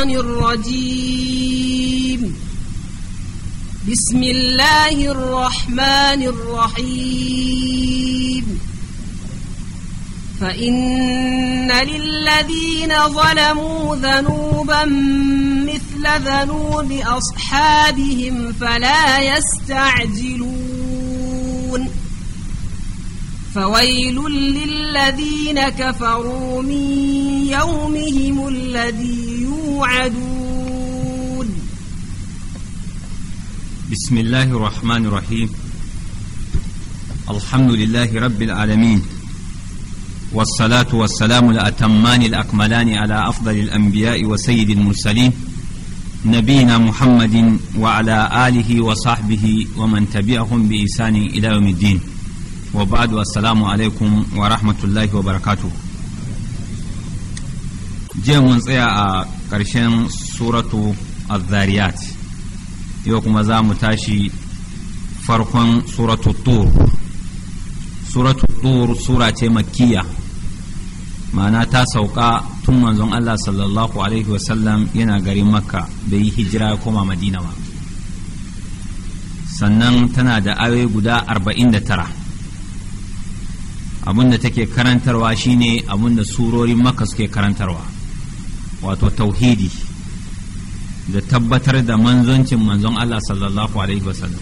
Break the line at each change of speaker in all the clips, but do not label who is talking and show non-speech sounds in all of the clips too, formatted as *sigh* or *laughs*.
الشيطان الرجيم بسم الله الرحمن الرحيم فإن للذين ظلموا ذنوبا مثل ذنوب أصحابهم فلا يستعجلون فويل للذين كفروا من يومهم الذين توعدون
بسم الله الرحمن الرحيم الحمد لله رب العالمين والصلاة والسلام الأتمان الأكملان على أفضل الأنبياء وسيد المرسلين نبينا محمد وعلى آله وصحبه ومن تبعهم بإحسان إلى يوم الدين وبعد والسلام عليكم ورحمة الله وبركاته jiya mun tsaya a ƙarshen suratu azariyat yau kuma za mu tashi farkon suratu tur suratu tur sura ce Makiya. ma'ana ta sauka tun manzon Allah sallallahu alaihi wasallam yana garin makka bai yi hijira koma madina ba sannan tana da awe guda 49 abinda take karantarwa shine abinda surorin makka suke karantarwa wato tauhidi da tabbatar da manzoncin manzon Allah sallallahu alaihi wasallam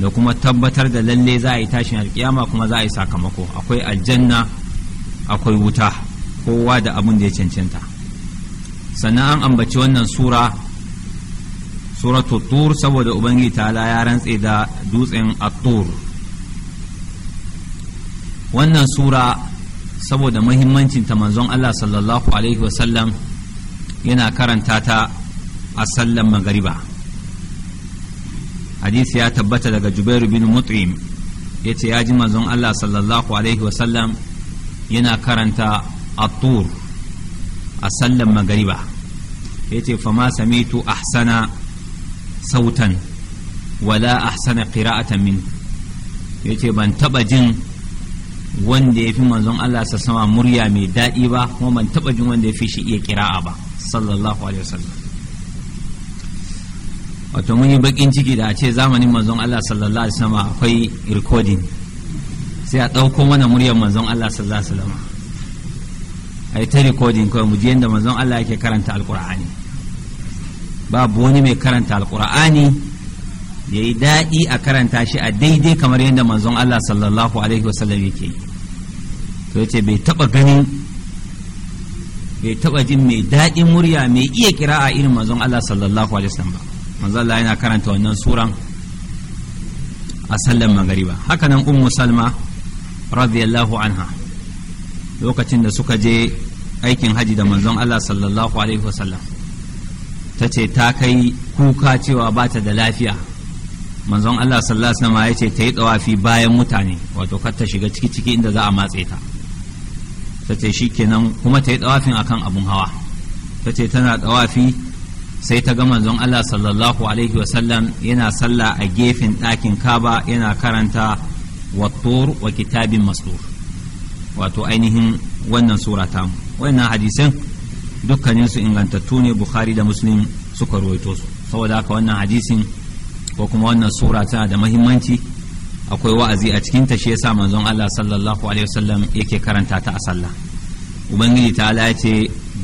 da kuma tabbatar da lalle za a yi tashin alkiyama kuma za a yi sakamako akwai aljanna akwai wuta kowa da abin da ya cancanta sannan an ambaci wannan sura sura tur saboda ubangiji ta ya rantse da dutsen atur. wannan sura saboda muhimmancin ta manzon Allah sallallahu alaihi wasallam yana karanta ta a sallan magariba hadisi ya tabbata daga jubairu bin mut'im ya ce ya ji mazan Allah sallallahu alaihi wasallam yana karanta attur a sallan magariba ya ce fama samitu ahsana sautan wala ahsana qira'atan min ya ce ban taba jin wanda ya fi manzon Allah sassama murya mai daɗi ba kuma ban taba jin wanda ya fi shi iya kira'a ba sallallahu alaihi wasallam wato mun yi bakin ciki da a ce zamanin manzon Allah sallallahu alaihi wasallam akwai recording sai a ɗauko mana muryar manzon Allah sallallahu alaihi wasallam a yi ta recording kawai mu ji yadda manzon Allah yake karanta alkur'ani babu wani mai karanta alkur'ani ya yi daɗi a karanta shi a daidai kamar yadda manzon Allah sallallahu alaihi wasallam yake to ce bai taɓa ganin bai taba jin mai daɗin murya mai iya kira a irin manzon Allah sallallahu alaihi wasallam ba manzon Allah yana karanta wannan suran a sallan magariba haka nan ummu salma radiyallahu anha lokacin da suka je aikin haji da manzon Allah sallallahu alaihi wasallam ta ce ta kai kuka cewa ba ta da lafiya manzon Allah sallallahu alaihi wasallam ya ce ta yi tsawafi bayan mutane wato kar ta shiga ciki ciki inda za a matse ta ta ce shi kenan kuma ta yi ɗawafin akan abun hawa ta ce tana ɗawafi sai ta ga manzon Allah sallallahu alaihi wasallam yana sallah a gefen ɗakin kaba yana karanta wattur wa kitabin mastur wato ainihin wannan sura ta wannan hadisan dukkanin su ingantattu ne bukhari da muslim suka ruwaito su saboda haka wannan hadisin ko kuma wannan sura tana da muhimmanci akwai wa'azi a cikin ta shi yasa manzon Allah sallallahu alaihi wasallam yake karanta ta a sallah ubangiji ta ala ce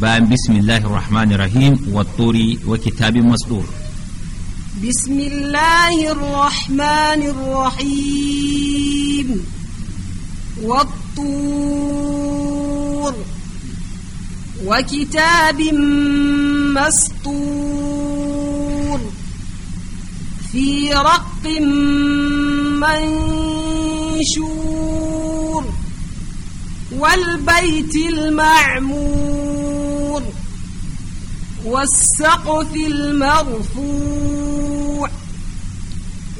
bayan bismillahir rahmanir rahim watturi wa kitabin masdur
bismillahir rahmanir rahim wattur wa kitabin mastur fi raqqin منشور والبيت المعمور والسقف المرفوع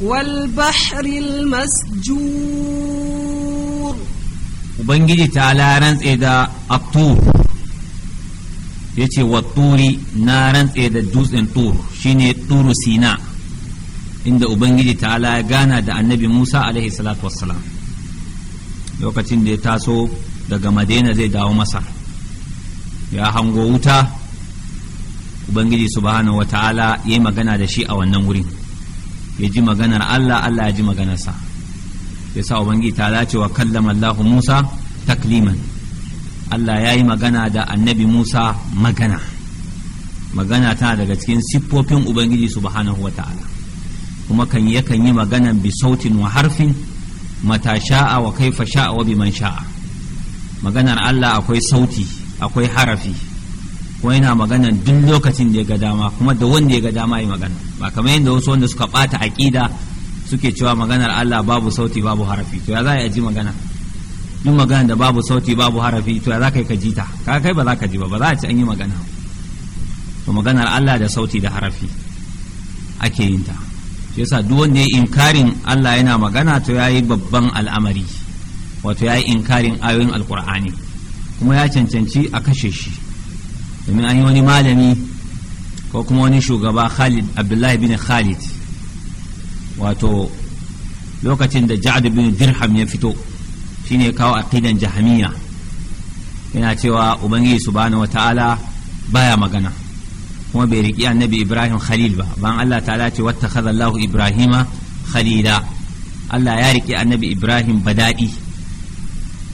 والبحر المسجور
وبنجي تعالى رنت إذا الطور يتي والطور نارنت إذا جزء طور شيني طور سيناء inda ubangiji ta'ala ya gana da annabi musa alaihi salatu wassalam lokacin da ya taso daga madina zai dawo masar ya hango wuta ubangiji subhanahu wa ta'ala ya yi magana da shi a wannan wurin ya ji maganar allah allah ya ji maganarsa ya sa ubangiji ta ce wa kallama allahu musa takliman allah ya yi magana da annabi musa magana magana tana daga cikin siffofin ubangiji subhanahu wa ta'ala kuma kan yakan yi maganan bi sautin wa harfin mata sha'a wa kaifa sha'a wa biman sha'a maganar Allah akwai sauti akwai harafi kuma yana magana duk lokacin da ya ga dama kuma da wanda ya ga dama yi magana ba kamar yadda wasu wanda suka bata aqida suke cewa maganar Allah babu sauti babu harafi to ya za a ji magana duk magana da babu sauti babu harafi to ya za kai ka ji ta ka kai ba za ka ji ba ba za a ci an yi magana to maganar Allah da sauti da harafi ake yin ta yasa duk wanda ya inkarin Allah yana magana to yayi babban al'amari wato yayi inkarin ayoyin al'kur'ani kuma ya cancanci a kashe shi domin an yi wani malami ko kuma wani shugaba Khalid Abdullahi bin Khalid wato lokacin da Ja'ad bin Dirham ya fito shine ya kawo aqidan jahamiya yana cewa ubangiji subhanahu wataala baya magana kuma bai riƙi annabi ibrahim khalil ba ban allah ta'ala ce wata khazallahu ibrahima khalila allah ya riƙe annabi ibrahim badaɗi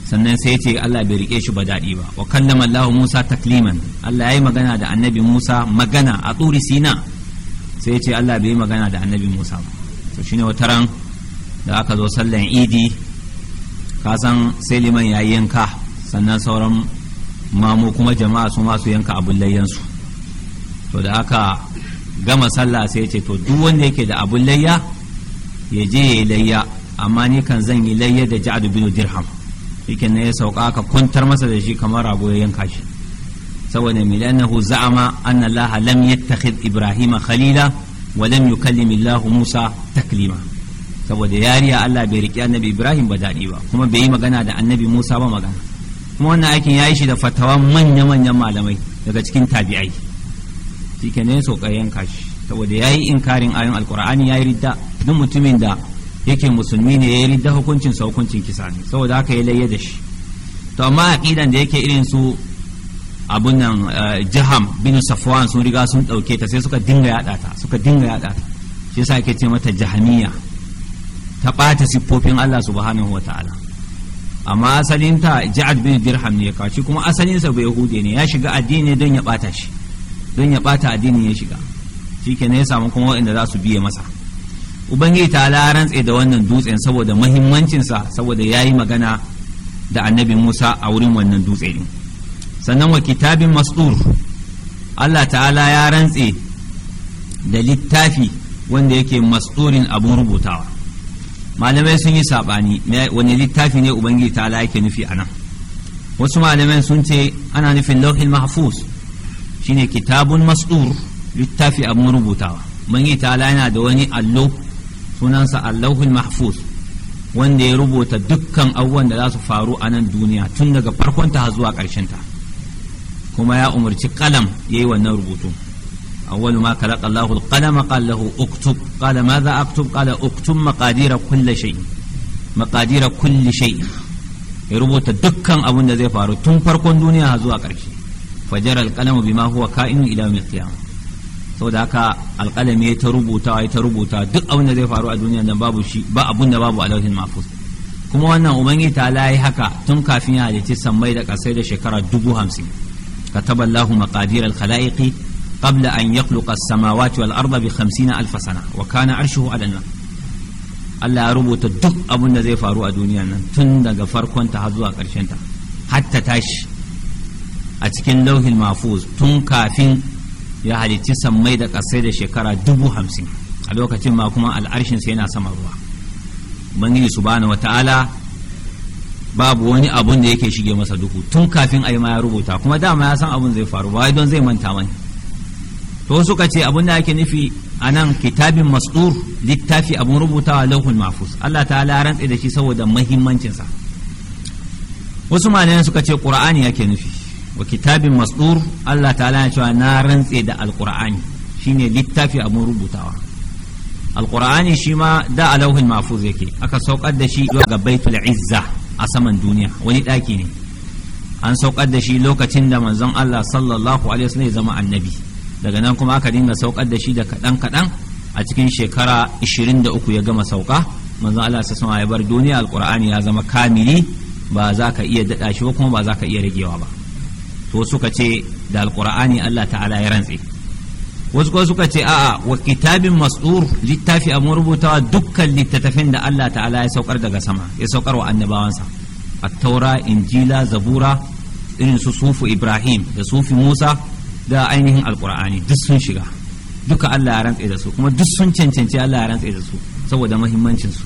sannan sai ce allah bai riƙe shi badaɗi ba wa kallama allah musa takliman allah ya yi magana da annabi musa magana a tsuri sina sai ce allah bai yi magana da annabi musa ba to shine wata ran da aka zo sallan idi kasan sai liman ya yanka sannan sauran mamu kuma jama'a su masu yanka abun layyansu to da aka gama sallah sai ce to duk wanda yake da abun layya ya je ya yi layya amma ni kan zan yi layya da ja'ad bin dirham shikin ne ya sauka aka kwantar masa da shi kamar rago ya yanka shi saboda mai lanahu za'ama anna allaha lam yattakhid ibrahima khalila wa lam yukallim allah musa taklima saboda yariya Allah bai riƙe annabi ibrahim ba daɗi ba kuma bai yi magana da annabi musa ba magana kuma wannan aikin ya yi shi da fatawar manya-manyan malamai daga cikin tabi'ai shikenan ne sauka yanka shi saboda yayi inkarin ayon ya yi ridda duk mutumin da yake musulmi ne ya yi ridda hukuncin sa hukuncin kisa ne saboda haka ya layyada shi to amma aqidan da yake irin su abun nan eh, jaham bin safwan sun riga sun ɗauke ta sai suka dinga yaɗa ta suka dinga yaɗa ta shi yasa ake ce mata jahamiya ta ɓata siffofin Allah subhanahu ta'ala amma asalin ta ja'ad bin dirham ne ya kashi kuma asalinsa sa bai hude ne ya shiga addini don ya bata shi don ya bata addinin ya shiga shikenan ya samu kuma waɗanda za su biye masa ubangiji ta rantse da wannan dutsen saboda mahimmancinsa saboda ya yi magana da annabi musa a wurin wannan dutse ne sannan wa kitabin mastur allah ta'ala ya rantse da littafi wanda yake masturin abun rubutawa malamai sun yi saɓani wani littafi ne ubangiji ta yake nufi a nan wasu malamai sun ce ana nufin lauhin mahfuz shine kitabun masdur littafi abun rubutawa yi ta yana da wani allo sunansa allahul mahfuz wanda ya rubuta dukkan abubuwan da za su faru a nan duniya tun daga farkon ta zuwa ƙarshen ta kuma ya umarci kalam yayi wannan rubutu awwal ma khalaqa Allahu al qala lahu uktub qala madha aktub qala uktub maqadira kulli shay maqadira kulli shay ya rubuta dukkan abun da zai faru tun farkon duniya zuwa ƙarshe fajar alqalamu bima huwa ka'inu ila yawmil qiyamah saboda haka alqalami ya ta rubuta ya ta rubuta duk abin da zai faru a duniya nan babu shi ba abun babu a lauhin kuma wannan ubangiji ta layi haka tun kafin ya halitti sammai da kasai da shekara dubu hamsin كتب الله مقادير الخلائق قبل أن يخلق السماوات والأرض بخمسين ألف سنة وكان عرشه على الماء Allah ya rubuta duk abin da zai faru a duniya nan tun daga farkonta a zuwa ta hatta tashi a cikin lauhin mafuz tun kafin ya halicci sammai da ƙasai da shekara dubu hamsin a lokacin ma kuma al'arshinsa yana sama ruwa ubangiji subhanahu wata'ala babu wani abun da yake shige masa duhu tun kafin a yi ma ya rubuta kuma dama ya san abun zai faru ba don zai manta mani to suka ce abun da ake nufi a nan kitabin masdur littafi abun rubutawa lauhul mafus Allah ta'ala rantse da shi saboda mahimmancinsa wasu malayan suka ce ƙura'ani yake nufi wa kitabin masdur Allah ta'ala ya cewa na rantse da alqur'ani shine littafi abun rubutawa alqur'ani shi ma da alauhin mahfuz yake aka saukar da shi ga baitul izza a saman duniya wani daki ne an saukar da shi lokacin da manzon Allah sallallahu alaihi wasallam ya zama annabi daga nan kuma aka dinga saukar da shi da kadan kadan a cikin shekara 23 ya gama sauka manzon Allah sallallahu alaihi wasallam ya bar duniya alqur'ani ya zama kamili ba za ka iya daɗa shi ba kuma ba za ka iya ragewa ba to suka ce da alqur'ani Allah ta'ala ya rantse wasu kuma suka ce a'a wa kitabin masdur littafi a rubutawa dukkan littattafin da Allah ta'ala ya saukar daga sama ya saukar wa annabawansa at-taura injila zabura irin su sufu ibrahim da sufi musa da ainihin alqur'ani duk sun shiga duka Allah ya rantse da su kuma duk sun cancanci Allah ya rantse da su saboda muhimmancin su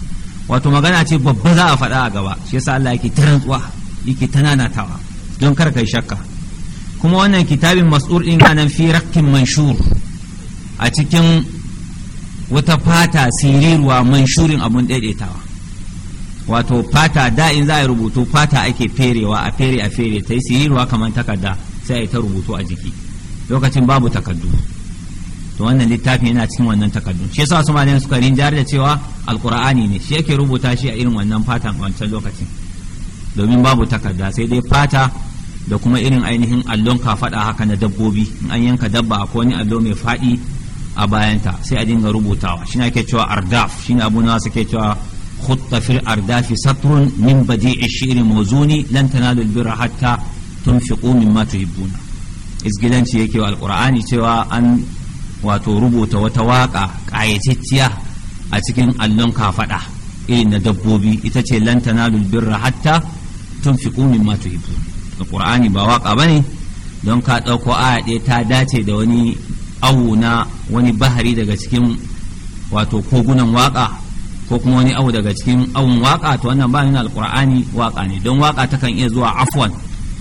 wato magana ce babba za a faɗa a gaba shi yasa Allah yake ta rantsuwa yake ta nanatawa don kar kai shakka kuma wannan kitabin mas'ur ɗin anan fi rakkin manshur a cikin wata fata siriruwa manshurin abun daidaitawa wato fata da in za a rubutu fata ake ferewa a fere a fere ta yi siriruwa kamar takarda sai a yi ta rubutu a jiki lokacin babu takardu to wannan littafin yana cikin wannan takardun shi yasa su malamin suka rinjar da cewa alqur'ani ne shi yake rubuta shi a irin wannan fatan wancan lokacin domin babu takarda sai dai fata da kuma irin ainihin allon kafaɗa haka na dabbobi in an yanka dabba ko wani allo mai faɗi a bayanta sai a dinga rubutawa shi ake cewa ardaf shi abu na suke cewa خط في الأرداف سطر من بديع الشعر موزون لن تنالوا البر حتى تنفقوا مما تحبون izgilanci yake wa alkur'ani cewa an wato rubuta wata waƙa ƙayatacciya a cikin allon kafaɗa irin na dabbobi ita ce lantana lulbirra hatta tun fi ƙumin alkur'ani ba waka ba ne don ka ɗauko aya ɗaya ta dace da wani awu na wani bahari daga cikin wato kogunan waka ko kuma wani awu daga cikin awun waka to wannan ba nuna alkur'ani waka ne don waka kan iya zuwa afwan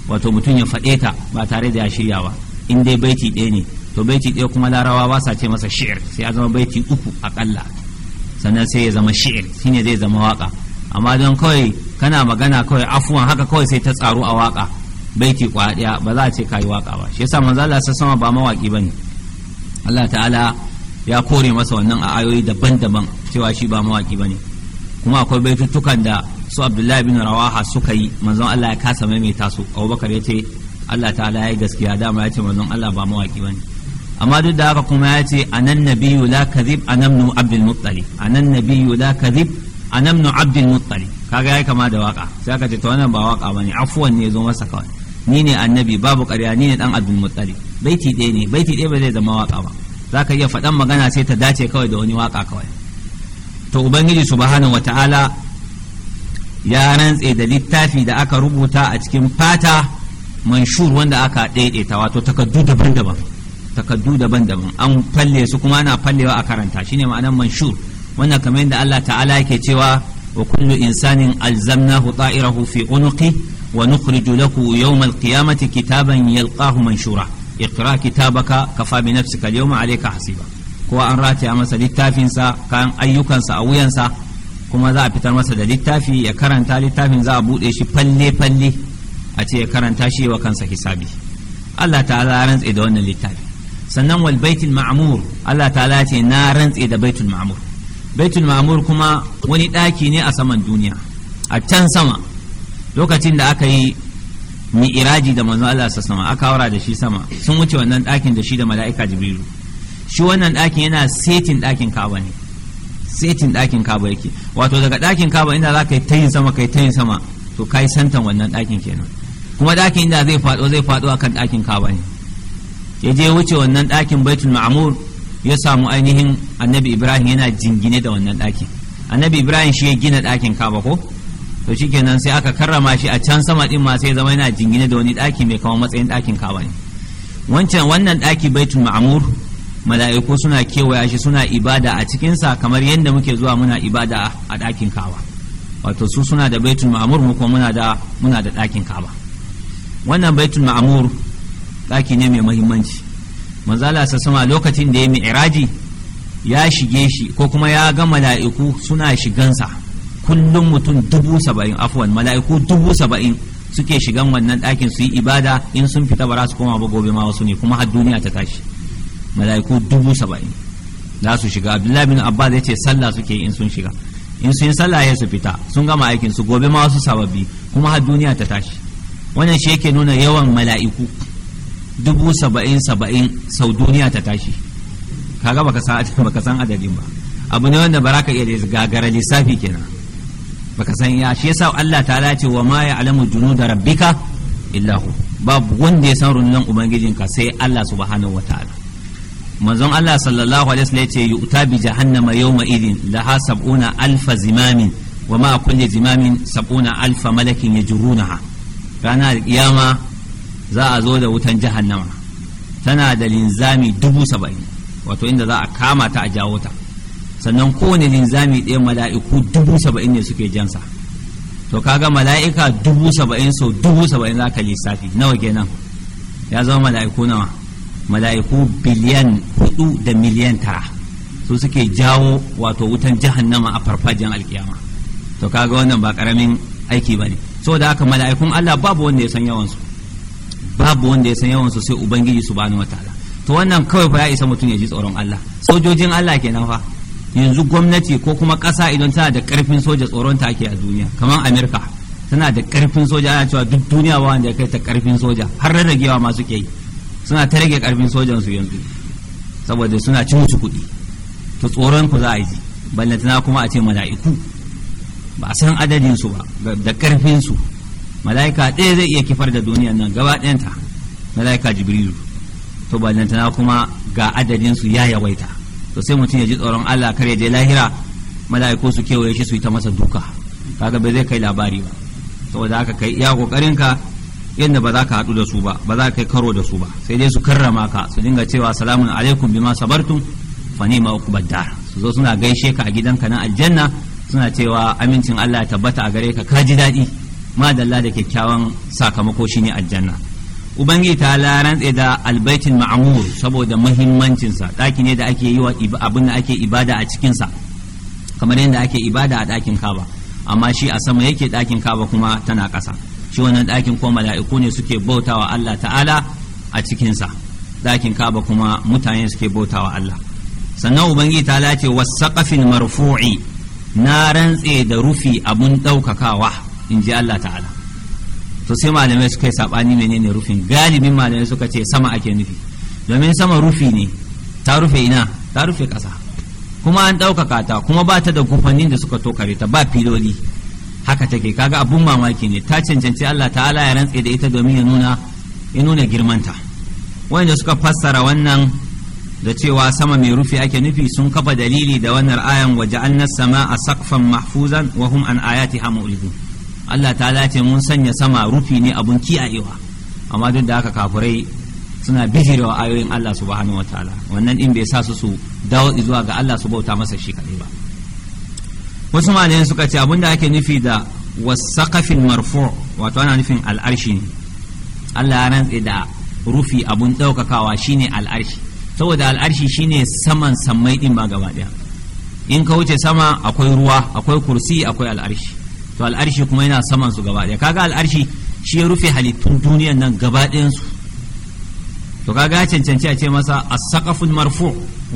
wato mutum ya faɗe ta ba tare da ya shirya ba in dai baiti ɗaya ne to baiti ɗaya kuma larawa ba sa ce masa shi'ir sai ya zama baiti uku akalla sannan sai ya zama shi'ir shine zai zama waka amma don kawai kana magana kawai afuwan haka kawai sai ta tsaro a waka baiti kwa daya ba za a ce kai waƙa ba shi yasa manzo Allah sama ba mawaƙi bane Allah ta'ala ya kore masa wannan a ayoyi daban-daban cewa shi ba mawaƙi bane kuma akwai baitutukan da su Abdullahi bin Rawaha suka yi manzon Allah ya kasa maimaita su Abubakar ya ce Allah ta'ala ya yi gaskiya dama ya ce manzon Allah ba mawaƙi bane amma duk da haka kuma ya ce anan nabiyyu la kadhib anamnu abdul muttalib anan nabiyyu la kadhib anamnu abdul muttalib kaga ya kama da waka sai aka ce to wannan ba waka bane afuwan ne zo masa kawai ni ne annabi babu ƙarya ni ne dan abdul mutsali baiti ɗaya ne baiti ɗaya ba zai zama waka ba za ka iya faɗan magana sai ta dace kawai da wani waka kawai to ubangiji subhanahu ta'ala ya rantse da littafi da aka rubuta a cikin fata manshur wanda aka ɗaiɗaita wato takaddu daban-daban takaddu daban-daban an falle su kuma ana fallewa a karanta shine ma'anar manshur wannan kamar yadda Allah ta'ala yake cewa wa kullu insanin alzamnahu ta'irahu fi unuqi ونخرج له يوم القيامة كتابا يلقاه منشورا اقرأ كتابك كفى بنفسك اليوم عليك حسيبا ko an rataya masa littafinsa kayan ayyukansa a wuyansa kuma za a fitar masa da littafi ya karanta littafin za a buɗe shi falle falle a ce ya karanta shi wa kansa hisabi Allah ta'ala ya rantse da wannan littafi sannan wal baitul ma'mur Allah ta'ala ce na rantse da baitul ma'mur baitul ma'mur kuma wani ɗaki ne a saman duniya a can sama lokacin da aka yi mi'iraji da manzon Allah sa sama aka haura da shi sama sun wuce wannan ɗakin da shi da mala'ika jibrilu shi wannan ɗakin yana setin ɗakin kaba ne setin ɗakin kaba yake wato daga ɗakin kaba inda za ka yi tayin sama ka yi tayin sama to ka yi santan wannan ɗakin kenan kuma ɗakin inda zai faɗo zai faɗo akan ɗakin kaba ne ya je wuce wannan ɗakin baitul ma'mur ya samu ainihin annabi ibrahim yana jingine da wannan ɗakin annabi ibrahim shi ya gina ɗakin kaba ko to kenan sai aka karrama shi a can sama din ma sai zama yana jingine da wani daki mai kawo matsayin dakin kaba ne wancan wannan daki baitul ma'mur mala'iku suna kewaya shi suna ibada a cikinsa kamar yadda muke zuwa muna ibada a dakin kaba wato su suna da baitul ma'mur mu kuma muna da muna da dakin kaba wannan baitul ma'mur daki ne mai muhimmanci manzala sa sama lokacin da ya mi'raji ya shige shi ko kuma ya ga mala'iku suna shigansa kullum mutum dubu saba'in afwan mala'iku dubu saba'in suke shigan wannan ɗakin su yi ibada in sun fita ba za su koma ba gobe ma wasu ne kuma har duniya ta tashi mala'iku dubu saba'in za su shiga abdullahi bin abba zai ce sallah suke in sun shiga in sun yi sallah ya su fita sun gama aikin su gobe ma wasu sababbi kuma har duniya ta tashi wannan shi yake nuna yawan mala'iku dubu saba'in saba'in sau duniya ta tashi kaga baka *laughs* san adadin ba abu ne wanda ba za ka iya gagara lissafi kenan baka san ya shi yasa Allah ta'ala ce wa ma junu da rabbika illa babu wanda ya san ubangijin ubangijinka sai Allah subhanahu wataala manzon Allah sallallahu alaihi wasallam ya yu'ta bi jahannama yawma idin laha sab'una alfa zimamin wa ma kulli zimamin sab'una alfa malakin yajrunaha rana kiyama za a zo da wutan jahannama tana da linzami dubu saba'in wato inda za a kama ta a jawo ta sannan kowane linzami ɗaya mala'iku dubu saba'in ne suke jansa to kaga mala'ika dubu saba'in so dubu saba'in za ka lissafi nawa kenan ya zama mala'iku nawa mala'iku biliyan hudu da miliyan tara su suke jawo wato wutan jahannama a farfajiyar alkiyama to kaga wannan ba karamin aiki ba ne saboda haka mala'ikun Allah babu wanda ya san yawansu babu wanda ya san yawansu sai ubangiji subhanahu wataala to wannan kawai fa ya isa mutum ya ji tsoron Allah sojojin Allah kenan fa yanzu gwamnati ko kuma ƙasa idan tana da ƙarfin soja tsoron ta ake a duniya kamar amerika tana da ƙarfin soja ana cewa duk duniya ba wanda ya kai ta ƙarfin soja har rarragewa ma suke yi suna ta rage ƙarfin sojan su yanzu saboda suna ci musu kuɗi to tsoron ku za a yi tana kuma a ce mala'iku ba a san adadin su ba da ƙarfin su mala'ika ɗaya zai iya kifar da duniyan nan gaba ɗayanta mala'ika jibrilu to tana kuma ga adadin su ya yawaita to sai mutum ya ji tsoron Allah kar ya je lahira mala'iku su kewaye shi su yi ta masa duka kaga bai zai kai labari ba saboda haka kai ya kokarin ka yadda ba za ka haɗu da su ba ba za kai karo da su ba sai dai su karrama ka su dinga cewa salamun alaikum bima sabartum fa ma ku dar su zo suna gaishe ka a gidanka na aljanna suna cewa amincin Allah ya tabbata a gare ka ka ji daɗi madalla da kyakkyawan sakamako shine aljanna ubangiji ta rantse da albaitin ma'amur saboda mahimmancinsa ɗaki ne da ake yi wa abin da ake ibada a cikinsa kamar yadda ake ibada a ɗakin kaba amma shi a sama yake ɗakin kaba kuma tana ƙasa shi wannan ɗakin ko mala'iku ne suke bautawa Allah ta'ala a cikinsa ɗakin kaba kuma mutane suke bautawa Allah sannan ubangiji ta lace wasaƙafin marfu'i na rantse da rufi abun ɗaukakawa in ji Allah ta'ala to sai malamai suka yi sabani menene rufin galibin malamai suka ce sama ake nufi domin sama rufi ne ta rufe ina ta rufe kasa kuma an ɗaukaka ta kuma ba ta da gufannin da suka tokare ta ba filoli haka take kaga abun mamaki ne ta cancanci Allah ta'ala ya rantse da ita domin ya nuna ya nuna girmanta wanda suka fassara wannan da cewa sama mai rufi ake nufi sun kafa dalili da wannan ayan waje an sama a sakfan mahfuzan wa hum an ayati ha Allah ta ce mun sanya sama rufi ne abun kiyayewa amma duk da haka kafurai suna bijirewa ayoyin Allah subhanahu wataala wannan din bai sa su su dawo zuwa ga Allah su bauta masa shi kadai ba wasu malamai suka ce abinda ake nufi da wasaqafin marfu wato ana nufin al'arshi ne Allah ya rantse da rufi abun daukakawa shine al'arshi saboda al'arshi shine saman sammai din ba gaba daya in ka wuce sama akwai ruwa akwai kursi akwai al'arshi to al'arshi kuma yana saman su gaba ɗaya kaga al'arshi shi ya rufe halittun duniyan nan gaba ɗayan su to kaga ya cancanci a ce masa as-saqaful marfu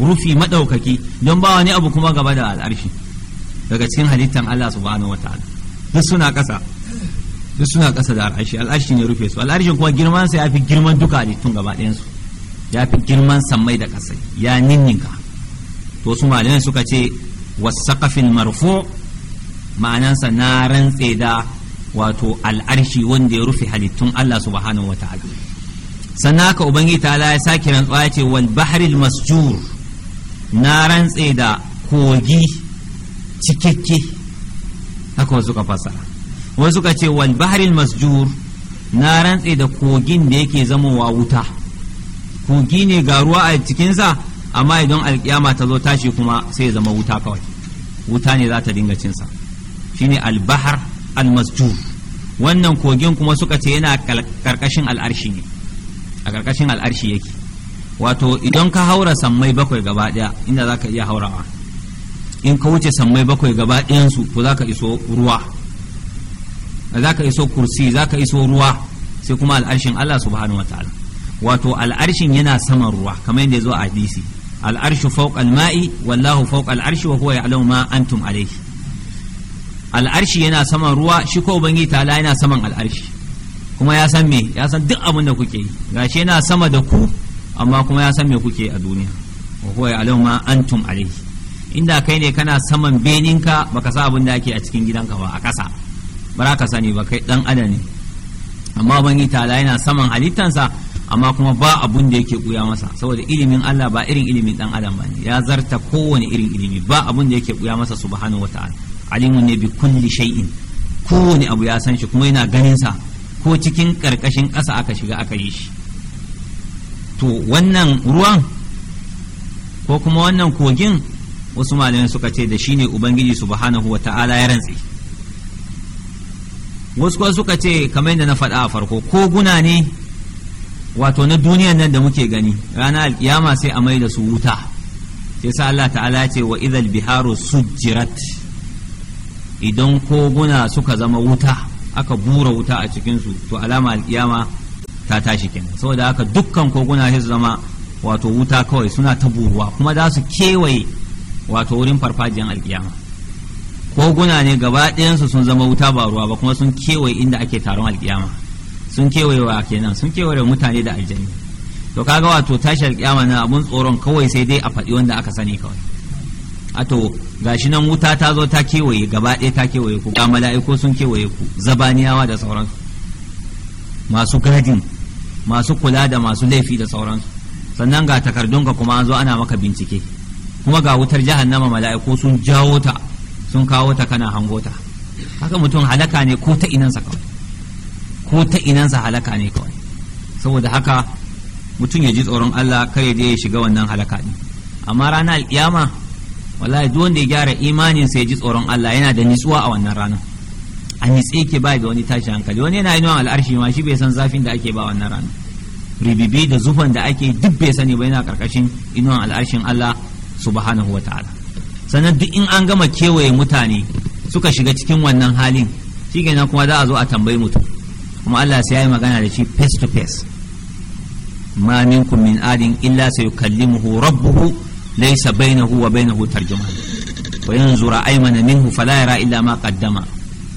rufi madaukaki don ba wani abu kuma gaba da al'arshi daga cikin halittan Allah subhanahu wataala duk suna ƙasa duk suna ƙasa da al'arshi al'arshi ne rufe su al'arshi kuma girman sa yafi girman duka halittun gaba ɗayan su girman sammai da ƙasai ya ninninka to su malamai suka ce was-saqafil marufo. ma'anansa na rantse da wato al'arshi wanda ya rufe halittun Allah subhanahu wata'ala sannan haka ubangiji ta ya sake rantsuwa ya ce wal bahril masjur na rantse da kogi cikakke haka wasu ka fasara wasu suka ce wal bahril masjur na rantse da kogin da yake zamowa wuta kogi ne ga ruwa a cikinsa amma idan alkiyama ta zo tashi kuma sai ya zama wuta kawai wuta ne za ta dinga cinsa shine al-bahr al-masjur wannan kogin kuma suka ce yana karkashin al'arshi ne a karkashin al'arshi yake wato idan ka haura sammai bakwai gaba daya inda za ka iya haurawa in ka wuce sammai bakwai gaba ɗayansu to za ka iso ruwa za ka iso kursi za ka iso ruwa sai kuma al'arshin Allah subhanahu wataala wato al'arshin yana saman ruwa kamar yadda ya zo a hadisi al'arshu fawqa al-ma'i wallahu fawqa al-arshi wa huwa ya'lamu ma antum alayhi al'arshi yana saman ruwa shi ko ubangiji ta'ala yana saman al'arshi kuma ya san me ya san duk abin da kuke yi gashi yana sama da ku amma kuma ya san me kuke a duniya wa huwa ya'lamu ma antum alayhi inda kai ne kana saman beninka baka sa abin da yake a cikin gidanka ba a kasa ba ka sani ba kai dan adam ne amma ubangiji ta'ala yana saman halittansa amma kuma ba abun da yake buya masa saboda ilimin Allah ba irin ilimin dan adam bane ya zarta kowane irin ilimi ba abun da yake buya masa subhanahu wata'ala alimun ne bi kulli shay'in kowane abu ya san shi kuma yana ganin sa ko cikin karkashin ƙasa aka shiga aka yi shi to wannan ruwan ko kuma wannan kogin wasu malamai suka ce da shine ubangiji subhanahu wa ta'ala ya rantse wasu kuma suka ce kamar yadda na faɗa a farko koguna ne wato na duniyan nan da muke gani rana alkiyama sai a mai da su wuta sai sa Allah ta'ala ce wa idhal biharu sujjirat idan koguna suka zama wuta aka bura wuta a cikinsu to alama alkiyama ta tashi kenan saboda haka dukkan koguna sai su zama wato wuta kawai suna ta buruwa kuma za su kewaye wato wurin farfajiyan alkiyama koguna ne gaba ɗayansu sun zama wuta ba ruwa ba kuma sun kewaye inda ake taron alkiyama sun kewaye wa kenan sun kewaye mutane da aljani to kaga wato tashi alkiyama na abun tsoron kawai sai dai a faɗi wanda aka sani kawai ato gashi nan wuta ta zo ta kewaye gaba ɗaya ta kewaye ku ga mala'iku sun kewaye ku zabaniyawa da sauransu masu gadin masu kula da masu laifi da sauransu sannan ga takardunka kuma an zo ana maka bincike kuma ga wutar jahannama mala'iku sun jawo ta sun kawo ta kana hango ta haka mutum halaka ne ko ta inansa kawai ko ta inansa halaka ne kawai saboda haka mutum ya ji tsoron Allah kar ya je ya shiga wannan halaka ne amma ranar alkiyama wallahi duk wanda ya gyara imanin sa ya ji tsoron Allah yana da nitsuwa a wannan ranar a nitse yake ba da wani tashi hankali wani yana wa al'arshi ma shi bai san zafin da ake ba wannan ranar ribibi da zufan da ake duk bai sani ba yana karkashin inuwan al'arshin Allah subhanahu wa ta'ala sannan duk in an gama kewaye mutane suka shiga cikin wannan halin shi kuma za a zo a tambayi mutum kuma Allah sai ya yi magana da shi face to face ma minkum min adin illa sayukallimuhu rabbuhu laysa bainahu wa bainahu tarjuma wa yanzura aymana minhu fala yara illa ma qaddama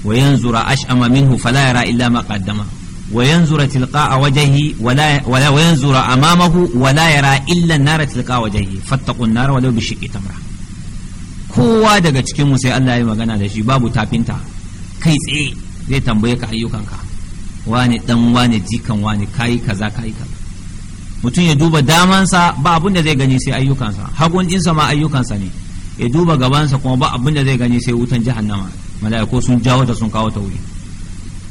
wa yanzura ash'ama minhu fala yara illa ma qaddama wa yanzura tilqa'a wajhihi wala wa yanzura amamahu wala yara illa an-nara tilqa'a wajhihi fattaqun nara walau bi shiqqi tamra kowa daga cikin mu sai Allah ya magana da shi babu tafinta kai tsaye zai tambaye ka ayyukanka wani dan wani jikan wani mutum ya duba damansa ba abin da zai gani sai ayyukansa hagun ɗinsa ma ayyukansa ne ya duba gabansa kuma ba abin da zai gani sai wutan jahannama mala'iku sun jawo ta sun kawo ta wuri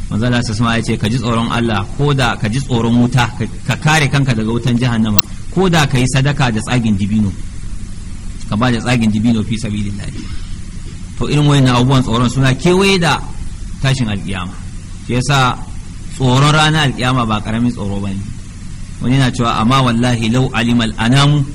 manzala sa sama ya ce ka ji tsoron Allah ko da ka ji tsoron wuta ka kare kanka daga wutan jahannama ko da ka yi sadaka da tsagin dibino ka ba da tsagin dibino fi sabilillah to irin wayannan abubuwan tsoron suna kewaye da tashin alkiyama shi yasa tsoron ranar alkiyama ba karamin tsoro bane wani na cewa amma wallahi lau alimal anamu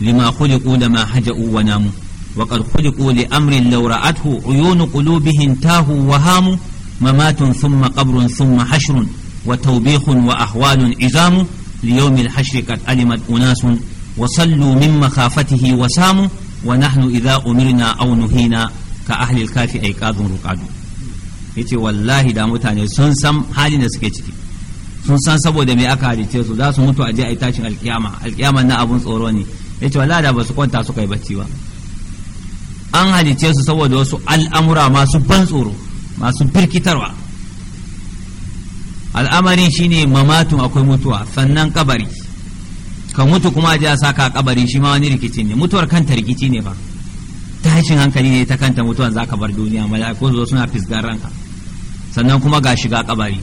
lima khuliqu da ma haja'u wa namu wa qad khuliqu li amrin law ra'athu uyunu qulubihim tahu wa hamu mamatun thumma qabrun thumma hashrun wa tawbihun wa ahwalun izamu li yawmil hashri qad alimat unasun wa sallu min makhafatihi wa samu wa nahnu idha umirna aw nuhina ka ahli al-kafi ay qadun ruqadu yace wallahi da mutane sun san halin da suke ciki sun san saboda me aka halice su za su mutu a je a yi tashin alkiyama alkiyama na abun tsoro ne ya ce wala da ba su kwanta suka yi bacci ba an halice su saboda wasu al'amura masu ban tsoro masu firkitarwa al'amarin shine mamatun akwai mutuwa sannan kabari ka mutu kuma a je a saka kabari shi ma wani rikici ne mutuwar kanta rikici ne ba tashin hankali ne ta kanta mutuwan zaka bar duniya mala'iku zo suna fisgar ranka sannan kuma ga shiga kabari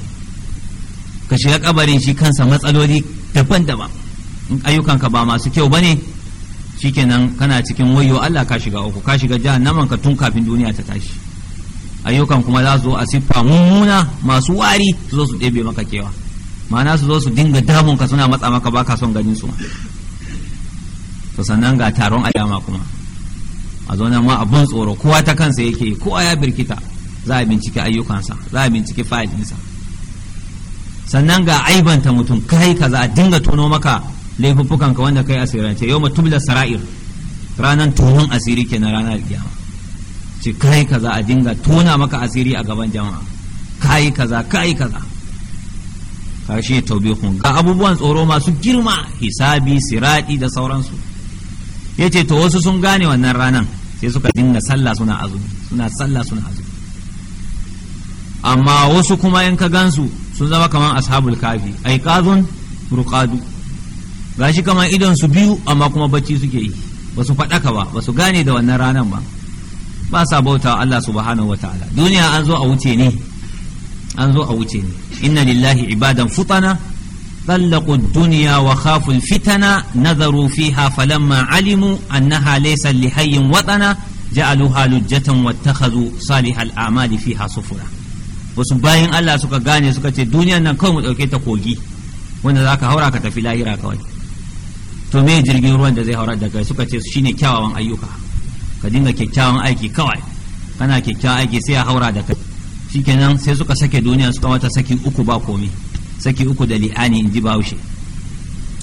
ka shiga kabarin shi kansa matsaloli daban-daban in ayyukanka ba masu kyau ba ne shikenan kana cikin wayo Allah ka shiga uku ka shiga jahannaman ka tun kafin duniya ta tashi ayyukan kuma za su zo a siffa mummuna masu wari su zo su ɗebe maka kewa ma'ana su zo su dinga damun ka suna matsa maka baka son ganin su to sannan ga taron alama kuma a zo nan ma abun tsoro kowa ta kansa yake kowa ya birkita za a bincike ayyukansa za a bincike fa'idinsa sannan ga aibanta mutum kai kaza a dinga tono maka laifuffukan ka wanda kai asirance yau da sara'ir ranan tonon asiri ke na ranar kiyama ce kai kaza a dinga tona maka asiri a gaban jama'a kai kaza kai kaza karshe taubihun ga abubuwan tsoro masu girma hisabi siradi da sauransu yace to wasu sun gane wannan ranan sai suka dinga sallah suna azumi suna sallah suna azumi amma wasu kuma in ka gansu sun zama kamar ashabul kafi ai kazun ruqadu gashi kamar idon su biyu amma kuma bacci suke yi ba su faɗaka ba ba su gane da wannan ranar ba ba sa bauta Allah subhanahu wataala duniya an zo a wuce ne an zo a wuce ne inna lillahi ibadan futana طلقوا الدنيا وخافوا الفتن نذروا فيها فلما علموا أنها ليس لحي وطنا جعلوها لجة واتخذوا صالح الأعمال فيها صفرًا wasu bayan Allah suka gane suka ce duniyan nan kawai mu ɗauke ta kogi wanda za ka haura ka tafi lahira kawai to me jirgin ruwan da zai haura da kai suka ce shine kyawawan ayyuka ka dinga kyakkyawan aiki kawai kana kyakkyawan aiki sai ya haura da kai shikenan sai suka sake duniya suka mata saki uku ba komai saki uku da li'ani in ji bahaushe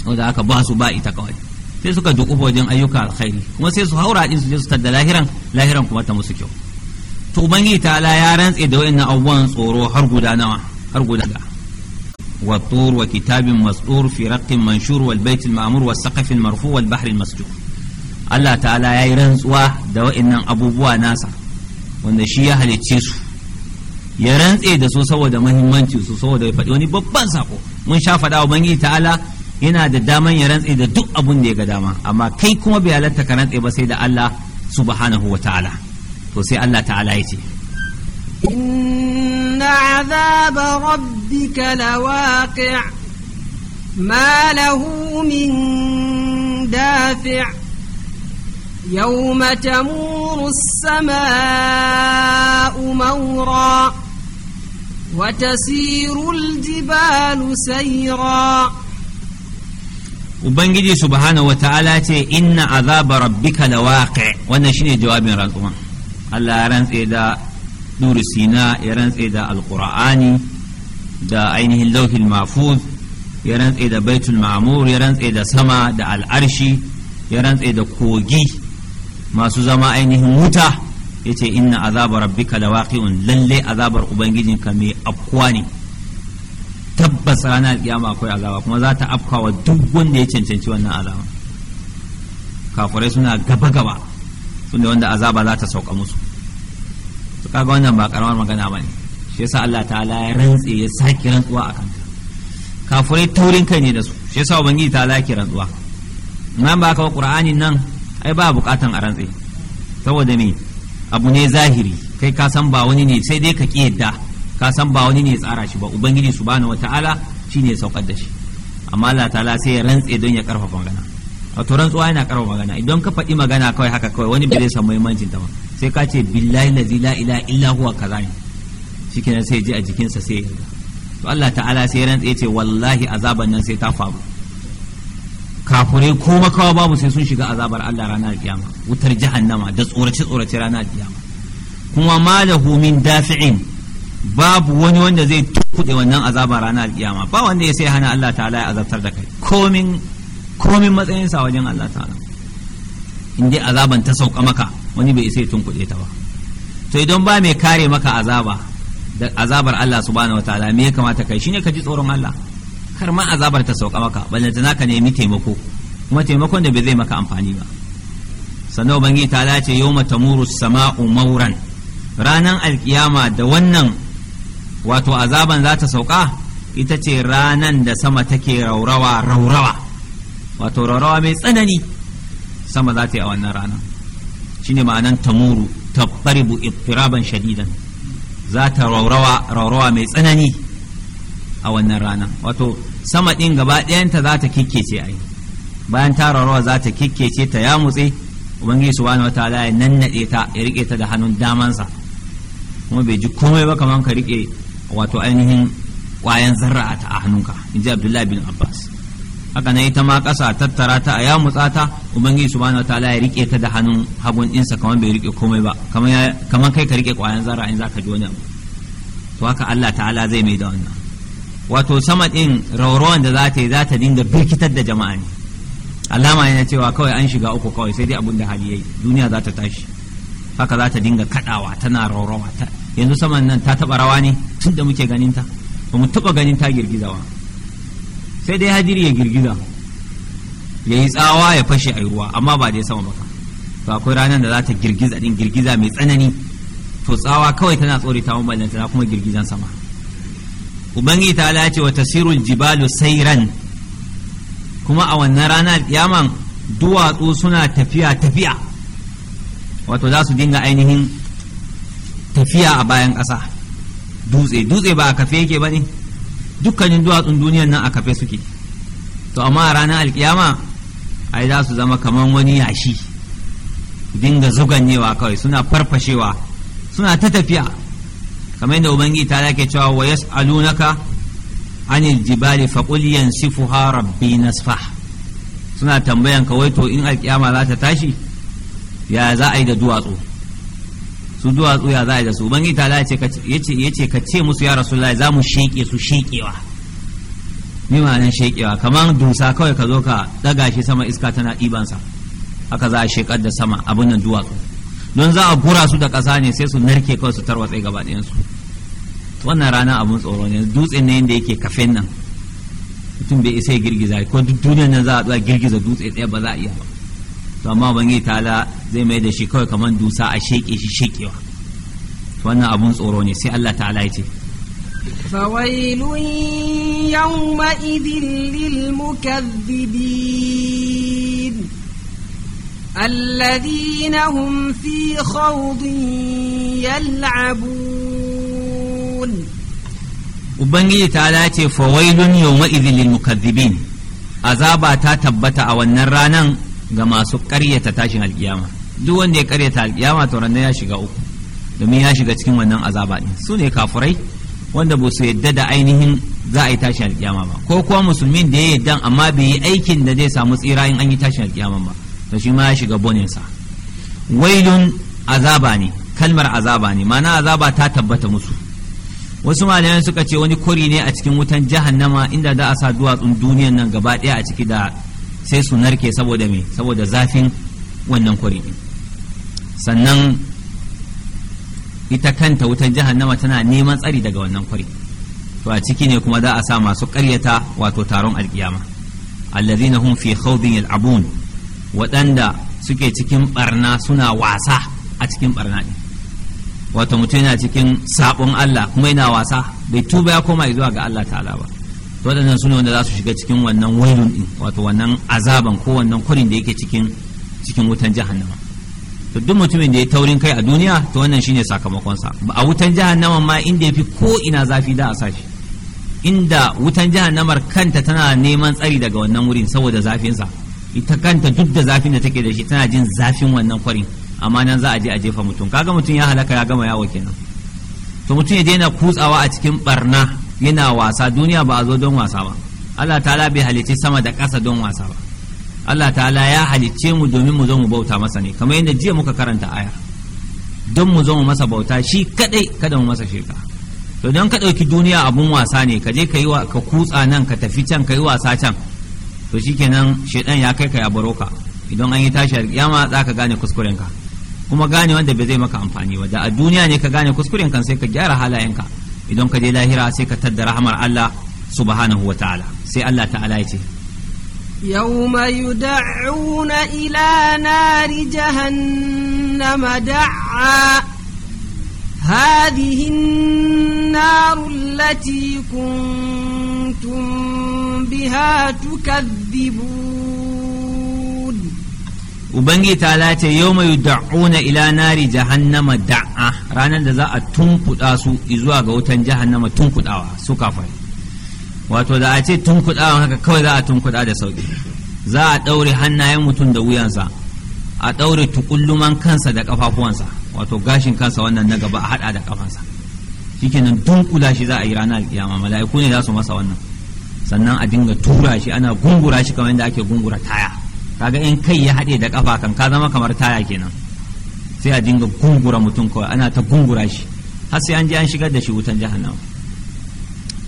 wanda aka ba su ba ita kawai sai suka duƙufa wajen ayyuka alkhairi kuma sai su haura din su je su tadda lahiran lahiran kuma ta musu kyau to ubangiji ala ya rantse da wayannan abubuwan tsoro har guda nawa har guda والطور وكتاب مسطور في رق منشور والبيت المعمور والسقف المرفوع والبحر المسجور الله تعالى يا رنسوا دواء إن أبو بوا nasa wanda shi ya halicce su ya rantse da su saboda muhimmanci su saboda ya faɗi wani babban sako mun sha faɗa ubangiji ta'ala yana da daman ya rantse da duk abun da ya ga dama amma kai kuma bai halatta ka rantse ba sai da Allah subhanahu wa ta'ala to Allah ta'ala ya ce
inna azaba rabbika lawaqi' ma lahu min dafi' yawma tamuru as-samaa'u mawra wa tasiru al-jibalu sayra
Ubangiji subhanahu wa ta'ala ce inna azaba rabbika lawaqi' wannan shine jawabin Rasulullah Allah ya rantse da durusina Sina ya rantse da alkur'ani da ainihin lauhin mafuz ya rantse da Baitul Ma'mur ya rantse da sama da al'arshi ya rantse da kogi masu zama ainihin wuta ya ce inna azabar rabbika lawaqi'un lalle azabar ubangijinka mai afkuwa ne tabbas ranar kiyama akwai azaba kuma za ta afkawa duk wanda ya cancanci wannan azaba kafirai suna gaba gaba sune wanda azaba za ta sauka musu su kaga wannan ba karamar magana ba ne shi yasa Allah ta'ala ya rantse ya saki rantsuwa a kanka kafurai taurin kai ne da su shi yasa ubangiji ta ki rantsuwa nan ba ka qur'anin nan ai ba bukatan a rantse saboda me abu ne zahiri kai ka san ba wani ne sai dai ka ki yadda ka san ba wani ne tsara shi ba ubangiji subhanahu wataala shine ya saukar da shi amma Allah ta'ala sai ya rantse don ya karfafa magana turan rantsuwa yana karawa magana idan ka faɗi magana kawai haka kawai wani bai zai san muhimmancin ta ba sai ka ce billahi lazi la ilaha illa huwa kaza shikenan sai ji a jikinsa sai ya to Allah ta'ala sai tsaye ce wallahi azaban nan sai ta faru kafure ko makawa babu sai sun shiga azabar Allah ranar kiyama wutar jahannama da tsorace tsorace ranar kiyama kuma malahu min dafi'in babu wani wanda zai tukude wannan azabar ranar kiyama ba wanda ya sai hana Allah ta'ala ya azabtar da kai komin komin matsayinsa wajen Allah ta'ala in dai azaban ta sauka maka wani bai isa tun kuɗe ta ba to idan ba mai kare maka azaba da azabar Allah subhanahu wataala me ya kamata kai shine ka ji tsoron Allah kar ma azabar ta sauka maka balle da naka nemi taimako kuma taimakon da bai zai maka amfani ba sannan ubangiji ta ce yawma tamuru sama'u mauran ranan alkiyama da wannan wato azaban za ta sauka ita ce ranan da sama take raurawa raurawa wato rarawa mai tsanani sama za ta yi a wannan rana shine ma'anan tamuru bu ittiraban shadidan za ta raurawa mai tsanani a wannan rana wato sama ɗin gaba ɗayanta za ta kikkece yi bayan ta raurawa za ta kikkece ta ya mutse ubangiji subhanahu wataala ya nannaɗe ta ya riƙe ta da hannun damansa kuma bai ji komai ba kamar ka riƙe wato ainihin ƙwayan zarra a hannunka in ji abdullahi bin abbas haka na ita ma ƙasa tattara ta a yamutsa ta ubangiji subhanahu wataala ya rike ta da hannun hagun ɗinsa kamar bai rike komai ba kamar kai ka rike ƙwayan zara in zaka ji wani abu to haka Allah ta'ala zai mai da wannan wato sama ɗin rawarwan da za ta yi za ta dinga birkitar da jama'a ne alama yana cewa kawai an shiga uku kawai sai dai abin da hali yayi duniya za ta tashi haka za ta dinga kaɗawa tana ta yanzu saman nan ta taɓa rawa ne tun da muke ganin ta ba mu taɓa ganin ta girgizawa sai dai hadiri ya girgiza ya yi tsawa ya fashe a ruwa amma ba dai sama baka to akwai ranar da za ta girgiza din girgiza mai tsanani to tsawa kawai tana tsori ta maballanta kuma girgizan sama ubangiji ta ala ce wa tasirul jibalu sai ran kuma a wannan rana yaman duwatsu suna tafiya tafiya wato za su dinga ainihin tafiya a bayan ƙasa dutse dutse ba a kafe yake ba ne dukkanin duwatsun duniyan nan a kafe suke to amma a ranar alkiyama ai za su zama kamar wani yashi dinga zuganyewa kawai suna farfashewa suna ta tafiya kamar yadda ubangi ta ke cewa wa yas'alunaka anil jibali faqul yansifuha rabbi nasfa suna tambayan ka wai to in alkiyama za ta tashi ya za a yi da duwatsu su duwatsu ya za da su ubangiji ta ya ce ka ce musu ya rasulullahi za mu sheƙe su sheƙewa ni nan sheƙewa kamar dusa kawai ka zo ka daga shi sama iska tana sa haka za a sheƙar da sama abin nan duwatsu don za a gura su da ƙasa ne sai su narke kawai su tarwatse gaba su. wannan rana abin tsoro ne dutsen ne da yake kafin nan mutum bai isa ya girgiza ko duk duniyar nan za a girgiza dutse ɗaya ba za a iya ba to amma ubangiji Tala zai mai da shi kawai kamar dusa a sheƙe-sheƙe shi shekewa wannan abun tsoro ne sai Allah ta'ala ya
ce الذين هم في خوض يلعبون
Ubangiji ta dace fawailun yau ma'izin lil mukazzibin azaba ta tabbata a wannan ranan ga masu ƙaryata tashin alkiyama duk wanda ya karyata alkiyama to ranar ya shiga uku domin ya shiga cikin wannan azaba din su ne kafurai wanda ba su yadda da ainihin za a yi tashin alkiyama ba ko kuwa musulmin da ya yadda amma bai yi aikin da zai samu tsira in an yi tashin alkiyama ba to shi ma ya shiga boninsa wailun azaba ne kalmar azaba ne mana azaba ta tabbata musu wasu malayan suka ce wani kori ne a cikin wutan jahannama inda za a sa duwatsun duniyan nan gaba ɗaya a ciki da sai su narke saboda me saboda zafin wannan kwari din sannan ita kanta wutar jahannama tana neman tsari daga wannan kwari to a ciki ne kuma za a sa masu ƙaryata wato taron alkiyama allazina hum fi khawdin yal'abun waɗanda suke cikin barna suna wasa a cikin barna din wato mutum yana cikin sabon Allah kuma yana wasa bai tuba ya koma zuwa ga Allah ta'ala ba waɗannan su ne wanda za su shiga cikin wannan wailun din wato wannan azaban ko wannan kurin da yake cikin cikin wutan jahannama to duk mutumin da ya taurin kai a duniya to wannan shine sakamakonsa ba a wutan jahannama ma inda yafi ko ina zafi da a sashi inda wutan jahannamar kanta tana neman tsari daga wannan wurin saboda zafinsa ita kanta duk da zafin da take da shi tana jin zafin wannan kwarin amma nan za a je a jefa mutum kaga mutum ya halaka ya gama yawo kenan to mutum ya daina kutsawa a cikin barna yana wasa duniya ba a zo don wasa ba Allah ta'ala bai halicci sama da ƙasa don wasa ba Allah ta'ala ya halicce mu domin mu zo mu bauta masa ne kamar yadda jiya muka karanta aya don mu zo mu masa bauta shi kadai kada mu masa sheka. to don ka ɗauki duniya abun wasa ne ka je ka yi ka kutsa nan ka tafi can ka yi wasa can to shikenan shedan ya kai ka ya baro ka idan an yi tashi kiyama za ka gane ka kuma gane wanda bai zai maka amfani ba da a duniya ne ka gane kuskuren kuskurenka sai ka gyara halayen ka. idan ka je lahira sai ka tadda rahamar Allah subhanahu wa ta'ala sai Allah ta'ala ya ce
yawma yud'una ila nari jahannam da'a هذه النار التي كنتم بها
ubangi ta lace yau mai da'una ila nari jahannama da'a ranar da za a tunkuɗa su zuwa ga wutan jahannama tunkuɗawa su kafai wato da a ce tunkuɗawa haka kawai za a tunkuɗa da sauki za a ɗaure hannayen mutum da wuyansa a ɗaure tukulluman kansa da ƙafafuwansa wato gashin kansa wannan na gaba a haɗa da ƙafansa shikenan dunkula shi za a yi ranar kiyama mala'iku ne za su masa wannan sannan a dinga tura shi ana gungura shi kamar yadda ake gungura taya kaga in kai ya haɗe da ƙafa kan ka zama kamar taya kenan sai a dinga gungura mutum kawai ana ta gungura shi har sai an je an shigar da shi wutan jahannama